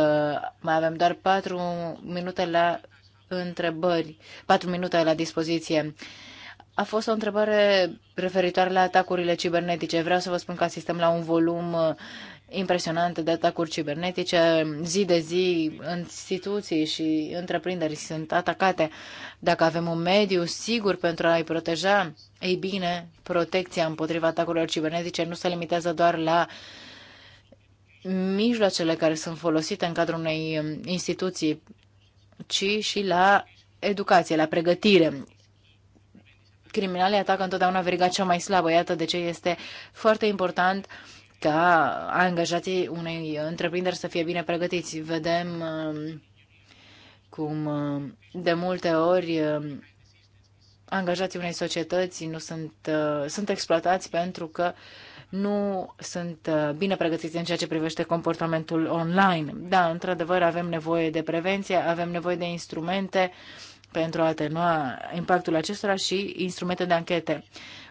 mai avem doar patru minute la întrebări, patru minute la dispoziție. A fost o întrebare referitoare la atacurile cibernetice. Vreau să vă spun că asistăm la un volum impresionante de atacuri cibernetice. Zi de zi, instituții și întreprinderi sunt atacate. Dacă avem un mediu sigur pentru a-i proteja, ei bine, protecția împotriva atacurilor cibernetice nu se limitează doar la mijloacele care sunt folosite în cadrul unei instituții, ci și la educație, la pregătire. Criminalii atacă întotdeauna veriga cea mai slabă. Iată de ce este foarte important uh, ca angajații unei întreprinderi să fie bine pregătiți. Vedem um, cum um, de multe ori um, angajații unei societăți nu sunt, uh, sunt exploatați pentru că nu sunt uh, bine pregătiți în ceea ce privește comportamentul online. Da, într-adevăr, avem nevoie de prevenție, avem nevoie de instrumente pentru a atenua impactul acestora și instrumente de anchete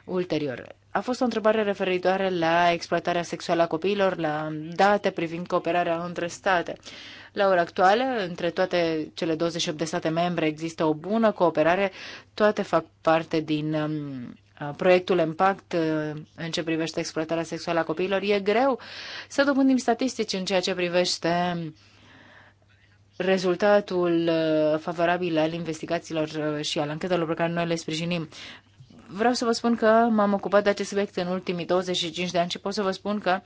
ulterior. A fost o întrebare referitoare la exploatarea sexuală a copiilor, la date privind cooperarea între state. La ora actuală, între toate cele 28 de state membre există o bună cooperare, toate fac parte din um, proiectul Impact uh, în ce privește exploatarea sexuală a copiilor. E greu să dobândim statistici în ceea ce privește rezultatul uh, favorabil al investigațiilor uh, și al anchetelor pe care noi le sprijinim vreau să vă spun că m-am ocupat de acest subiect în ultimii 25 de ani și pot să vă spun că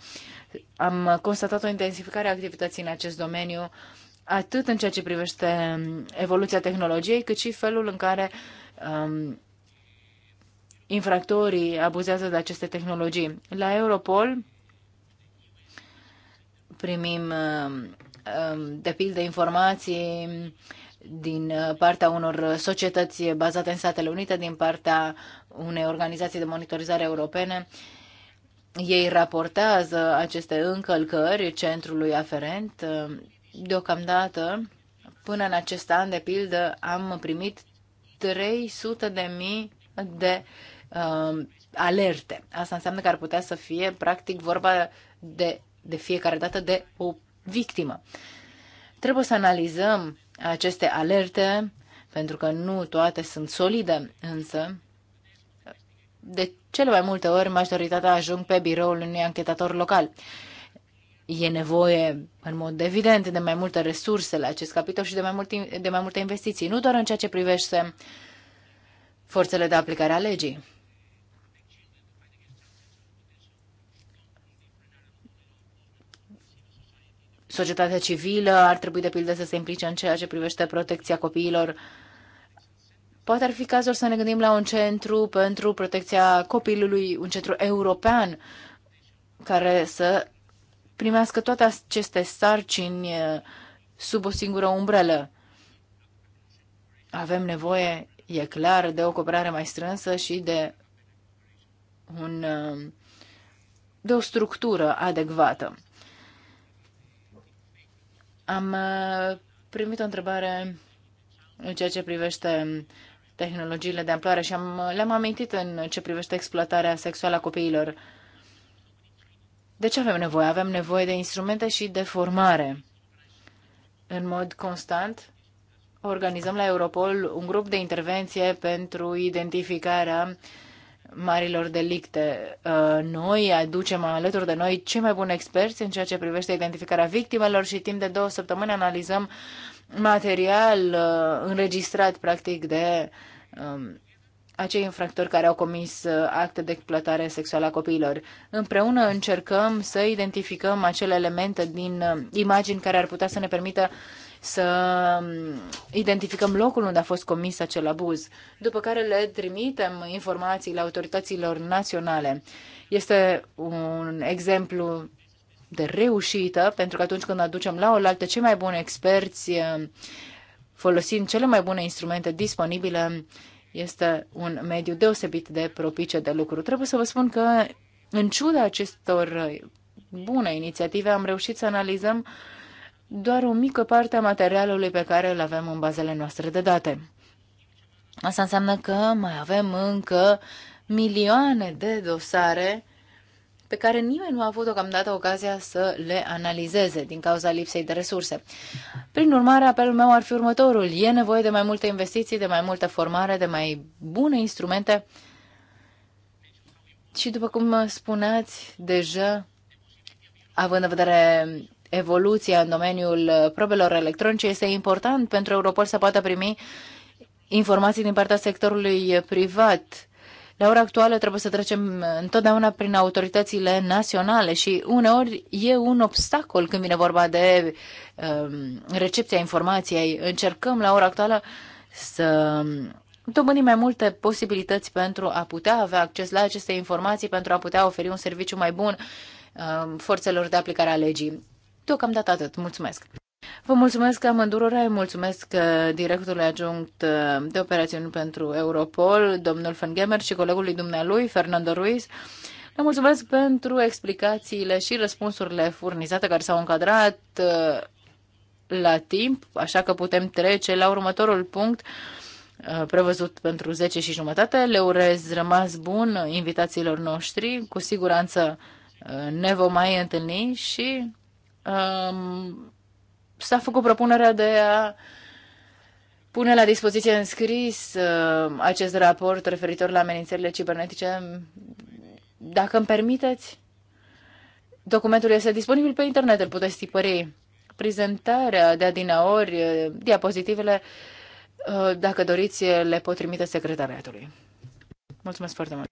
am constatat o intensificare a activității în acest domeniu, atât în ceea ce privește evoluția tehnologiei, cât și felul în care um, infractorii abuzează de aceste tehnologii. La Europol primim, um, um de pildă, informații din uh, partea unor societăți bazate în Statele Unite, din partea unei organizații de monitorizare europene. Ei raportează aceste încălcări centrului aferent. Deocamdată, până în acest an, de pildă, am primit 300 de mii de uh, alerte. Asta înseamnă că ar putea să fie, practic, vorba de, de fiecare dată de o victimă. Trebuie să analizăm aceste alerte, pentru că nu toate sunt solide, însă de cele mai multe ori majoritatea ajung pe biroul unui anchetator local. E nevoie, în mod evident, de mai multe resurse la acest capitol și de mai multe, de mai multe investiții, nu doar în ceea ce privește forțele de aplicare a legii. societatea civilă ar trebui de pildă să se implice în ceea ce privește protecția copiilor. Poate ar fi cazul să ne gândim la un centru pentru protecția copilului, un centru european care să primească toate aceste sarcini eh, sub o singură umbrelă. Avem nevoie, e clar, de o cooperare mai strânsă și de, un, eh, de o structură adecvată. Am uh, primit o întrebare în ceea ce privește tehnologiile de amploare și am, le-am amintit în ce privește exploatarea sexuală a copiilor. De ce avem nevoie? Avem nevoie de instrumente și de formare. În mod constant, organizăm la Europol un grup de intervenție pentru identificarea uh, marilor delicte. Uh, noi aducem alături de noi cei mai buni experți în ceea ce privește identificarea victimelor și timp de două săptămâni analizăm material uh, înregistrat practic de um, acei infractori care au comis uh, acte de exploatare sexuală a copiilor. Împreună încercăm să identificăm acele elemente din imagini care ar putea să ne permită să mm, identificăm locul unde a fost comis acel abuz, după care le trimitem informațiile autorităților naționale. Este un exemplu de reușită, pentru că atunci când aducem la oaltă cei mai buni experți, mm, folosind cele mai bune instrumente disponibile, este un mediu deosebit de propice de lucru. Trebuie să vă spun că, în ciuda acestor bune inițiative, am reușit să analizăm uh, doar o mică parte a materialului pe care îl avem în bazele noastre de date. Asta înseamnă că mai avem încă milioane de dosare pe care nimeni nu a avut deocamdată ocazia să le analizeze din cauza lipsei de resurse. Prin urmare, apelul meu ar fi următorul. E nevoie de mai multe investiții, de mai multă formare, de mai bune instrumente și, după cum spuneați, deja, având în vedere evoluția în domeniul uh, probelor electronice, este important pentru Europol să poată primi informații din partea sectorului privat. La ora actuală trebuie să trecem uh, întotdeauna prin autoritățile naționale și uneori e un obstacol când vine vorba de um, recepția informației. Încercăm la ora actuală să dobândim mai multe posibilități pentru a putea avea acces la aceste informații, pentru a putea oferi un serviciu mai bun um, forțelor de aplicare a legii. Deocamdată atât. Mulțumesc! Vă mulțumesc amândurora, mulțumesc uh, directorului adjunct uh, de operațiuni pentru Europol, domnul Fengemer și colegului dumnealui, Fernando Ruiz. Le mulțumesc pentru explicațiile și răspunsurile furnizate care s-au încadrat uh, la timp, așa că putem trece la următorul punct prevăzut pentru 10 și jumătate. Le urez rămas bun invitațiilor noștri, cu siguranță ne vom mai întâlni și um, s-a făcut propunerea de a pune la dispoziție în scris uh, acest raport referitor la amenințările cibernetice. Dacă îmi permiteți, documentul este disponibil pe internet, îl puteți tipări. Prezentarea de adinaori, uh, diapozitivele, uh, dacă doriți, le pot trimite secretariatului. Mulțumesc foarte mult!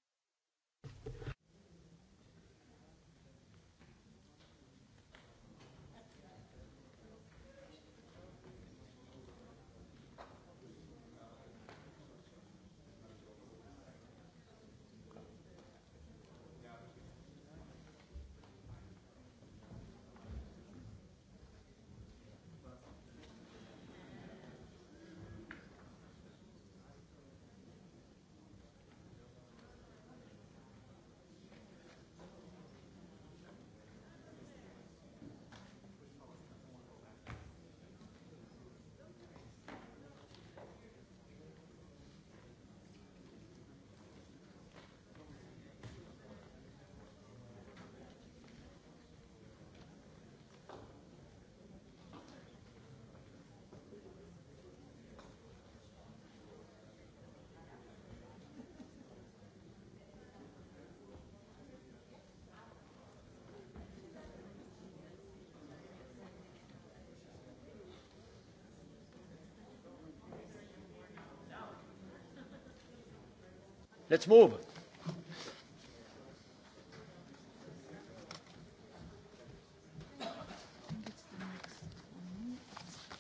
let's move.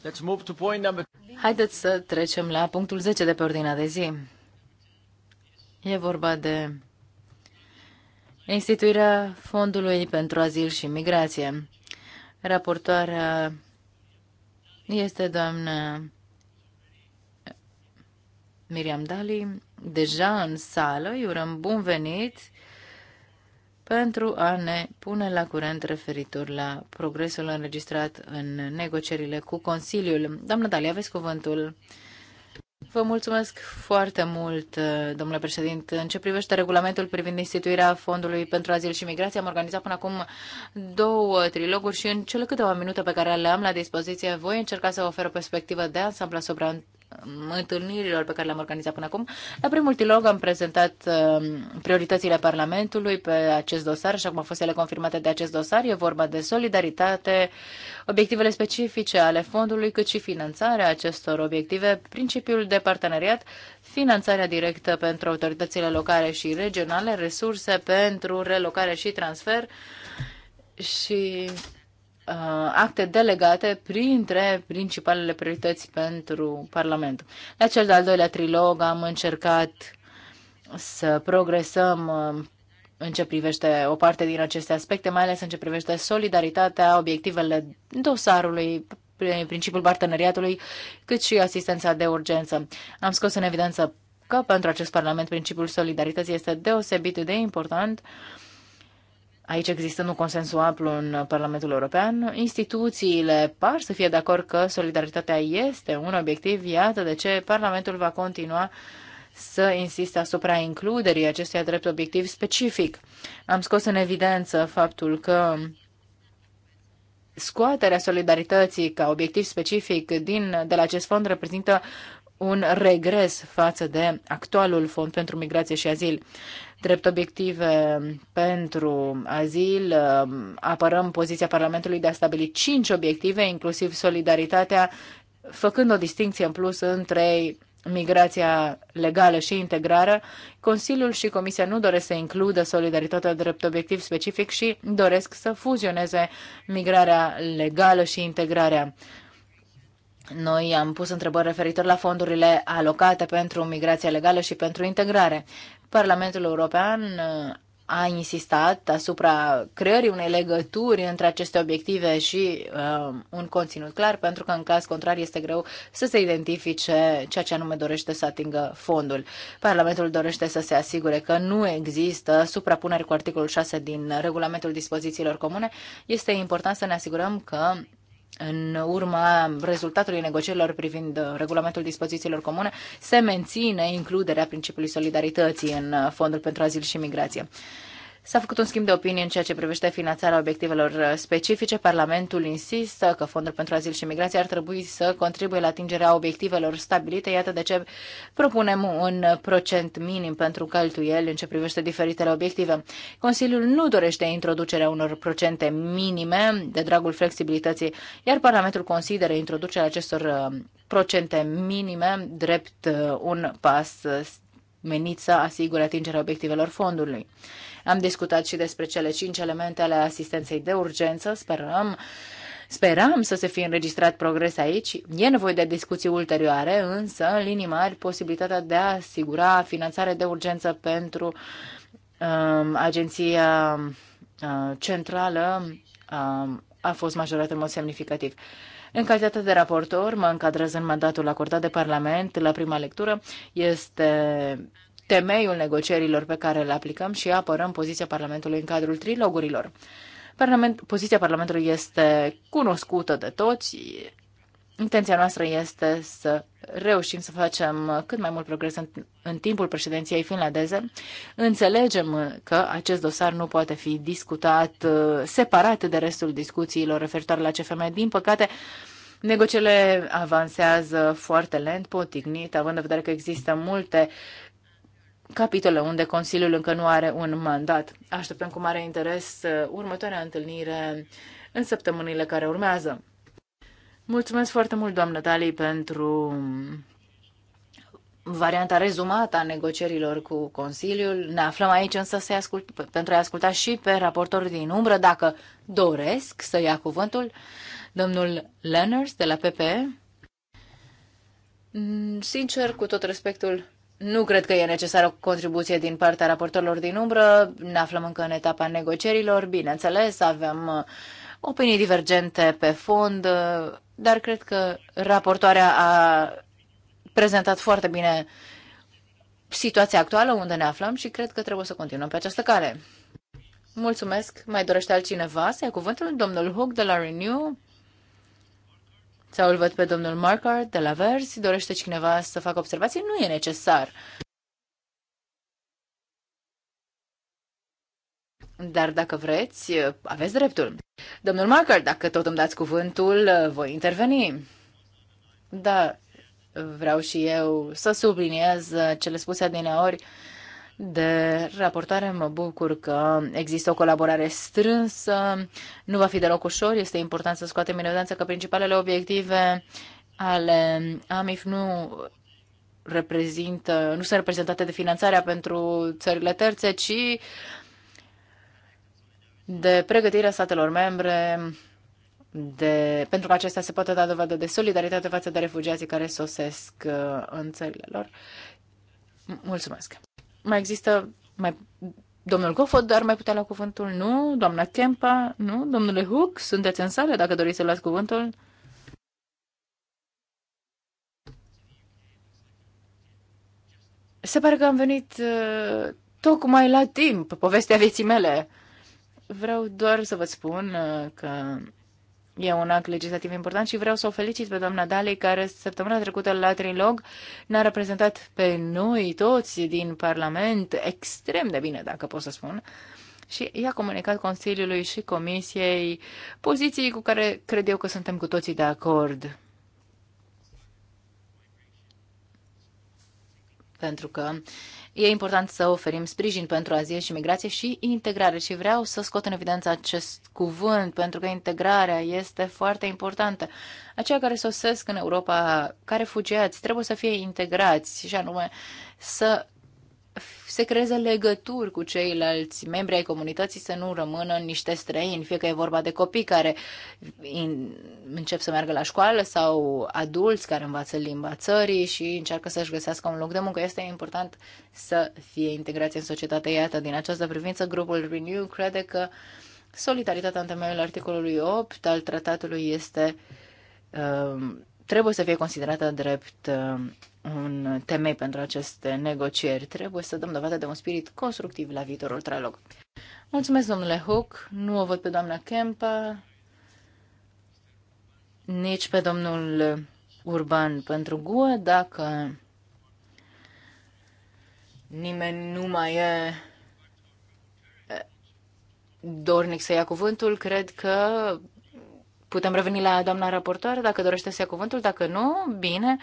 Let's move to point number... Haideți să trecem la punctul 10 de pe ordinea de zi. E vorba de instituirea Fondului pentru Azil și Migrație. Raportoarea este doamna Miriam Dali deja în sală. Îi urăm bun venit pentru a ne pune la curent referitor la progresul înregistrat în negocierile cu Consiliul. Doamna Dalia, aveți cuvântul. Vă mulțumesc foarte mult, domnule președinte. În ce privește regulamentul privind instituirea Fondului pentru Azil și Migrație, am organizat până acum două triloguri și în cele câteva minute pe care le am la dispoziție voi încerca să ofer o perspectivă de ansamblu asupra întâlnirilor pe care le-am organizat până acum. La primul trilog am prezentat um, prioritățile Parlamentului pe acest dosar, așa cum au fost ele confirmate de acest dosar. E vorba de solidaritate, obiectivele specifice ale fondului, cât și finanțarea acestor obiective, principiul de parteneriat, finanțarea directă pentru autoritățile locale și regionale, resurse pentru relocare și transfer și Uh, acte delegate printre principalele priorități pentru Parlament. La cel de-al doilea trilog am încercat să progresăm uh, în ce privește o parte din aceste aspecte, mai ales în ce privește solidaritatea, obiectivele dosarului, principiul parteneriatului, cât și asistența de urgență. Am scos în evidență că pentru acest Parlament principiul solidarității este deosebit de important uh, aici există un consens amplu în Parlamentul European, instituțiile par să fie de acord că solidaritatea este un obiectiv, iată de ce Parlamentul va continua să insiste asupra includerii acestuia drept obiectiv specific. Am scos în evidență faptul că scoaterea solidarității ca obiectiv specific din, de la acest fond reprezintă un regres față de actualul fond pentru migrație și azil. Drept obiective pentru azil, apărăm poziția Parlamentului de a stabili cinci obiective, inclusiv solidaritatea, făcând o distinție în plus între migrația legală și integrarea, Consiliul și Comisia nu doresc să includă solidaritatea drept obiectiv specific și doresc să fuzioneze migrarea legală și integrarea. Noi am pus întrebări referitor la fondurile alocate pentru migrația legală și pentru integrare. Parlamentul European uh, a insistat asupra creării unei legături între aceste obiective și uh, un conținut clar, pentru că în caz contrar este greu să se identifice ceea ce anume dorește să atingă fondul. Parlamentul dorește să se asigure că nu există suprapuneri cu articolul 6 din regulamentul dispozițiilor comune. Este important să ne asigurăm că în urma rezultatului negocierilor privind uh, regulamentul dispozițiilor comune, se menține includerea principiului solidarității în uh, Fondul pentru Azil și Migrație. S-a făcut un schimb de opinie în ceea ce privește finanțarea obiectivelor uh, specifice. Parlamentul insistă că Fondul pentru Azil și Migrație ar trebui să contribuie la atingerea obiectivelor stabilite. Iată de ce propunem un procent minim pentru cheltuieli în ce privește diferitele obiective. Consiliul nu dorește introducerea unor procente minime de dragul flexibilității, iar Parlamentul consideră introducerea acestor uh, procente minime drept uh, un pas menit să asigure atingerea obiectivelor fondului. Am discutat și despre cele cinci elemente ale asistenței de urgență. Sperăm Speram să se fie înregistrat progres aici. E nevoie de discuții ulterioare, însă, în linii mari, posibilitatea de a asigura finanțare de urgență pentru um, agenția uh, centrală um, a fost majorată în mod semnificativ. Uh, în calitate de raportor, mă încadrez în mandatul acordat de Parlament la prima lectură. Este temeiul negocierilor pe care le aplicăm și apărăm poziția Parlamentului în cadrul trilogurilor. Parlament, poziția Parlamentului este cunoscută de toți, Intenția noastră este să reușim să facem cât mai mult progres în, în timpul președinției finlandeze. Înțelegem că acest dosar nu poate fi discutat uh, separat de restul discuțiilor referitoare la CFM. Din păcate, negocierile avansează foarte lent, potignit, având în vedere că există multe capitole unde Consiliul încă nu are un mandat. Așteptăm cu mare interes uh, următoarea întâlnire în săptămânile care urmează. Mulțumesc foarte mult, doamnă Dali, pentru varianta rezumată a negocierilor cu Consiliul. Ne aflăm aici însă să ascult, pentru a-i asculta și pe raportorul din umbră, dacă doresc să ia cuvântul, domnul Lenners de la PPE. Mm, sincer, cu tot respectul, nu cred că e necesară o contribuție din partea raportorilor din umbră. Ne aflăm încă în etapa negocierilor. Bineînțeles, avem uh, opinii divergente pe fond uh, dar cred că raportoarea a prezentat foarte bine situația actuală unde ne aflăm și cred că trebuie să continuăm pe această cale. Mulțumesc. Mai dorește altcineva să ia cuvântul? Domnul Hook de la Renew? Sau îl văd pe domnul Markard de la Versi? Dorește cineva să facă observații? Nu e necesar. Dar dacă vreți, aveți dreptul. Domnul Marker, dacă tot îmi dați cuvântul, voi interveni. Da, vreau și eu să subliniez cele spuse adineori de raportare. Mă bucur că există o colaborare strânsă. Nu va fi deloc ușor. Este important să scoatem în evidență că principalele obiective ale AMIF nu reprezintă, nu sunt reprezentate de finanțarea pentru țările terțe, ci de pregătirea statelor membre de, pentru că acestea se poate da dovadă de solidaritate față de refugiații care sosesc uh, în țările lor. Mulțumesc. Mai există mai, domnul Gofod, dar mai putea la cuvântul? Nu. Doamna Kempa? Nu. Domnule Hook, sunteți în sală dacă doriți să luați cuvântul? Se pare că am venit uh, tocmai la timp, povestea vieții mele. Uh, Vreau doar să vă spun uh, că e un act legislativ important și vreau să o felicit pe doamna Dalei, care săptămâna trecută la Trilog ne-a reprezentat pe noi toți din Parlament extrem de bine, dacă pot să spun, și i-a comunicat Consiliului și Comisiei poziții cu care cred eu că suntem cu toții de acord. Pentru că uh, E important să oferim sprijin pentru azil și migrație și integrare și vreau să scot în evidență acest cuvânt pentru că integrarea este foarte importantă. Aceia care sosesc în Europa, care fugiați, trebuie să fie integrați și anume să se creeze legături cu ceilalți membri ai comunității să nu rămână niște străini, fie că e vorba de copii care încep să meargă la școală sau adulți care învață limba țării și încearcă să-și găsească un loc de muncă. Este important să fie integrați în societate. Iată, din această privință, grupul Renew crede că solidaritatea în temeiul articolului 8 al tratatului este um, trebuie să fie considerată drept um, un temei pentru aceste negocieri. Trebuie să dăm dovadă de un spirit constructiv la viitorul trilog. Mulțumesc, domnule Hook. Nu o văd pe doamna Kempa, nici pe domnul Urban pentru Gua. Dacă nimeni nu mai e dornic să ia cuvântul, cred că putem reveni la doamna raportoare dacă dorește să ia cuvântul. Dacă nu, bine.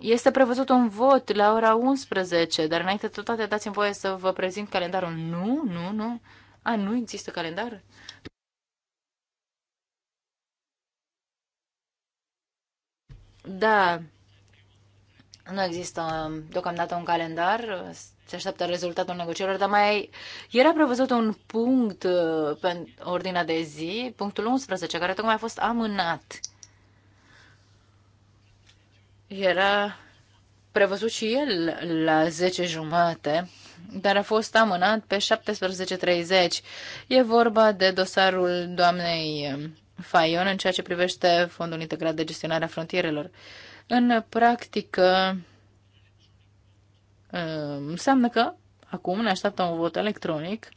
Este prevăzut un vot la ora 11, dar înainte de toate dați-mi voie să vă prezint calendarul. Nu, nu, nu. A, nu există calendar? Da, nu există deocamdată un calendar, se așteaptă rezultatul negocierilor, dar mai era prevăzut un punct uh, pe ordinea de zi, punctul 11, care tocmai a fost amânat era prevăzut și el la 10 jumate, dar a fost amânat pe 17.30. E vorba de dosarul doamnei Faion în ceea ce privește Fondul Integrat de Gestionare a Frontierelor. În practică, um, înseamnă că acum ne așteaptă un vot electronic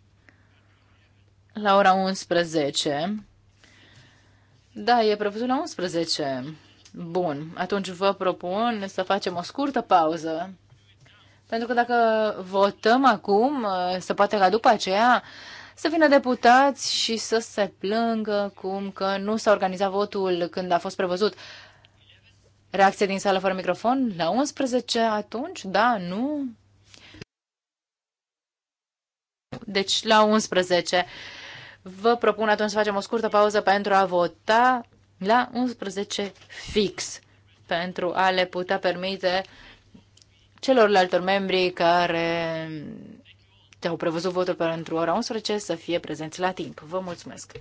la ora 11. Da, e prevăzut la 11. Bun, atunci vă propun să facem o scurtă pauză, pentru că dacă votăm acum, se poate ca după aceea să vină deputați și să se plângă cum că nu s-a organizat votul când a fost prevăzut. Reacție din sală fără microfon? La 11 atunci? Da, nu? Deci la 11. Vă propun atunci să facem o scurtă pauză pentru a vota la 11 fix pentru a le putea permite celorlaltor membri care te-au prevăzut votul pentru ora 11 să fie prezenți la timp. Vă mulțumesc!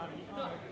把你。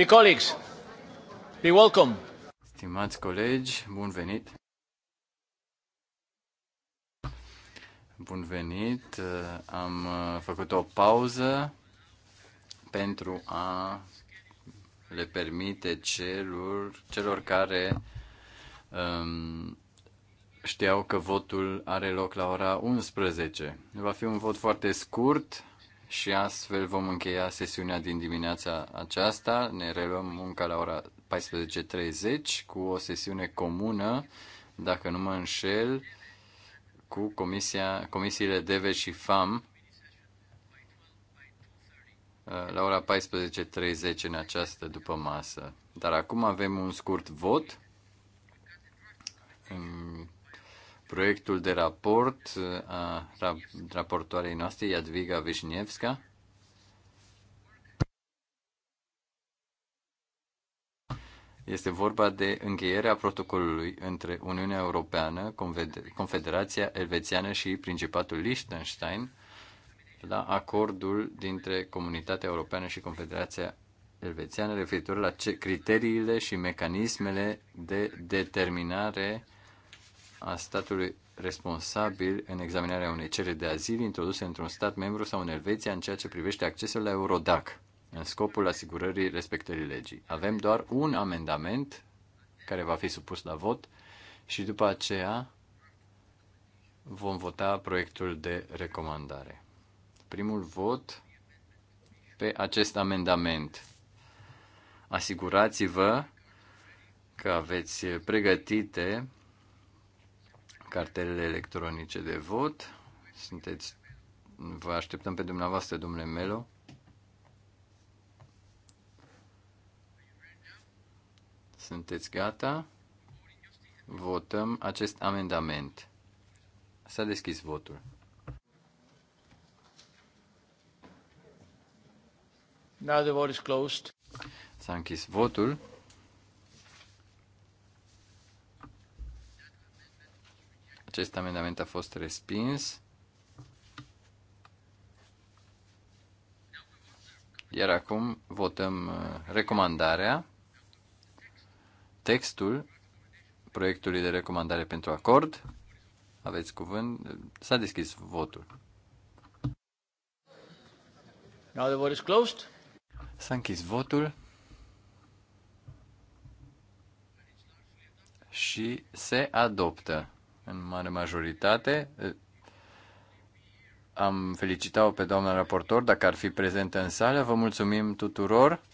Dear colleagues, be welcome. Stimați colegi, bun venit. Bun venit. Am uh, făcut o pauză pentru a le permite celor, celor care um, știau că votul are loc la ora 11. Va fi un vot foarte scurt, și astfel vom încheia sesiunea din dimineața aceasta. Ne reluăm munca la ora 14.30 cu o sesiune comună, dacă nu mă înșel, cu comisia, comisiile DEVE și FAM uh, la ora 14.30 în această după masă. Dar acum avem un scurt vot proiectul de raport uh, a raportoarei noastre, Jadwiga Vișnievska. Este vorba de încheierea protocolului între Uniunea Europeană, Confederația Elvețiană și Principatul Liechtenstein la acordul dintre Comunitatea Europeană și Confederația Elvețiană referitor la criteriile și mecanismele de determinare a statului responsabil în examinarea unei cereri de azil introduse într-un stat membru sau în Elveția în ceea ce privește accesul la Eurodac, în scopul asigurării respectării legii. Avem doar un amendament care va fi supus la vot și după aceea vom vota proiectul de recomandare. Primul vot pe acest amendament. Asigurați-vă că aveți pregătite cartelele electronice de vot. Sunteți, vă așteptăm pe dumneavoastră, domnule Melo. Sunteți gata? Votăm acest amendament. S-a deschis votul. Now the vote is closed. S-a închis votul. Acest amendament a fost respins. Iar acum votăm uh, recomandarea, textul proiectului de recomandare pentru acord. Aveți cuvânt. S-a deschis votul. Now the vote is closed. S-a închis votul și se adoptă în mare majoritate. Am felicitat-o pe doamna raportor dacă ar fi prezentă în sală. Vă mulțumim tuturor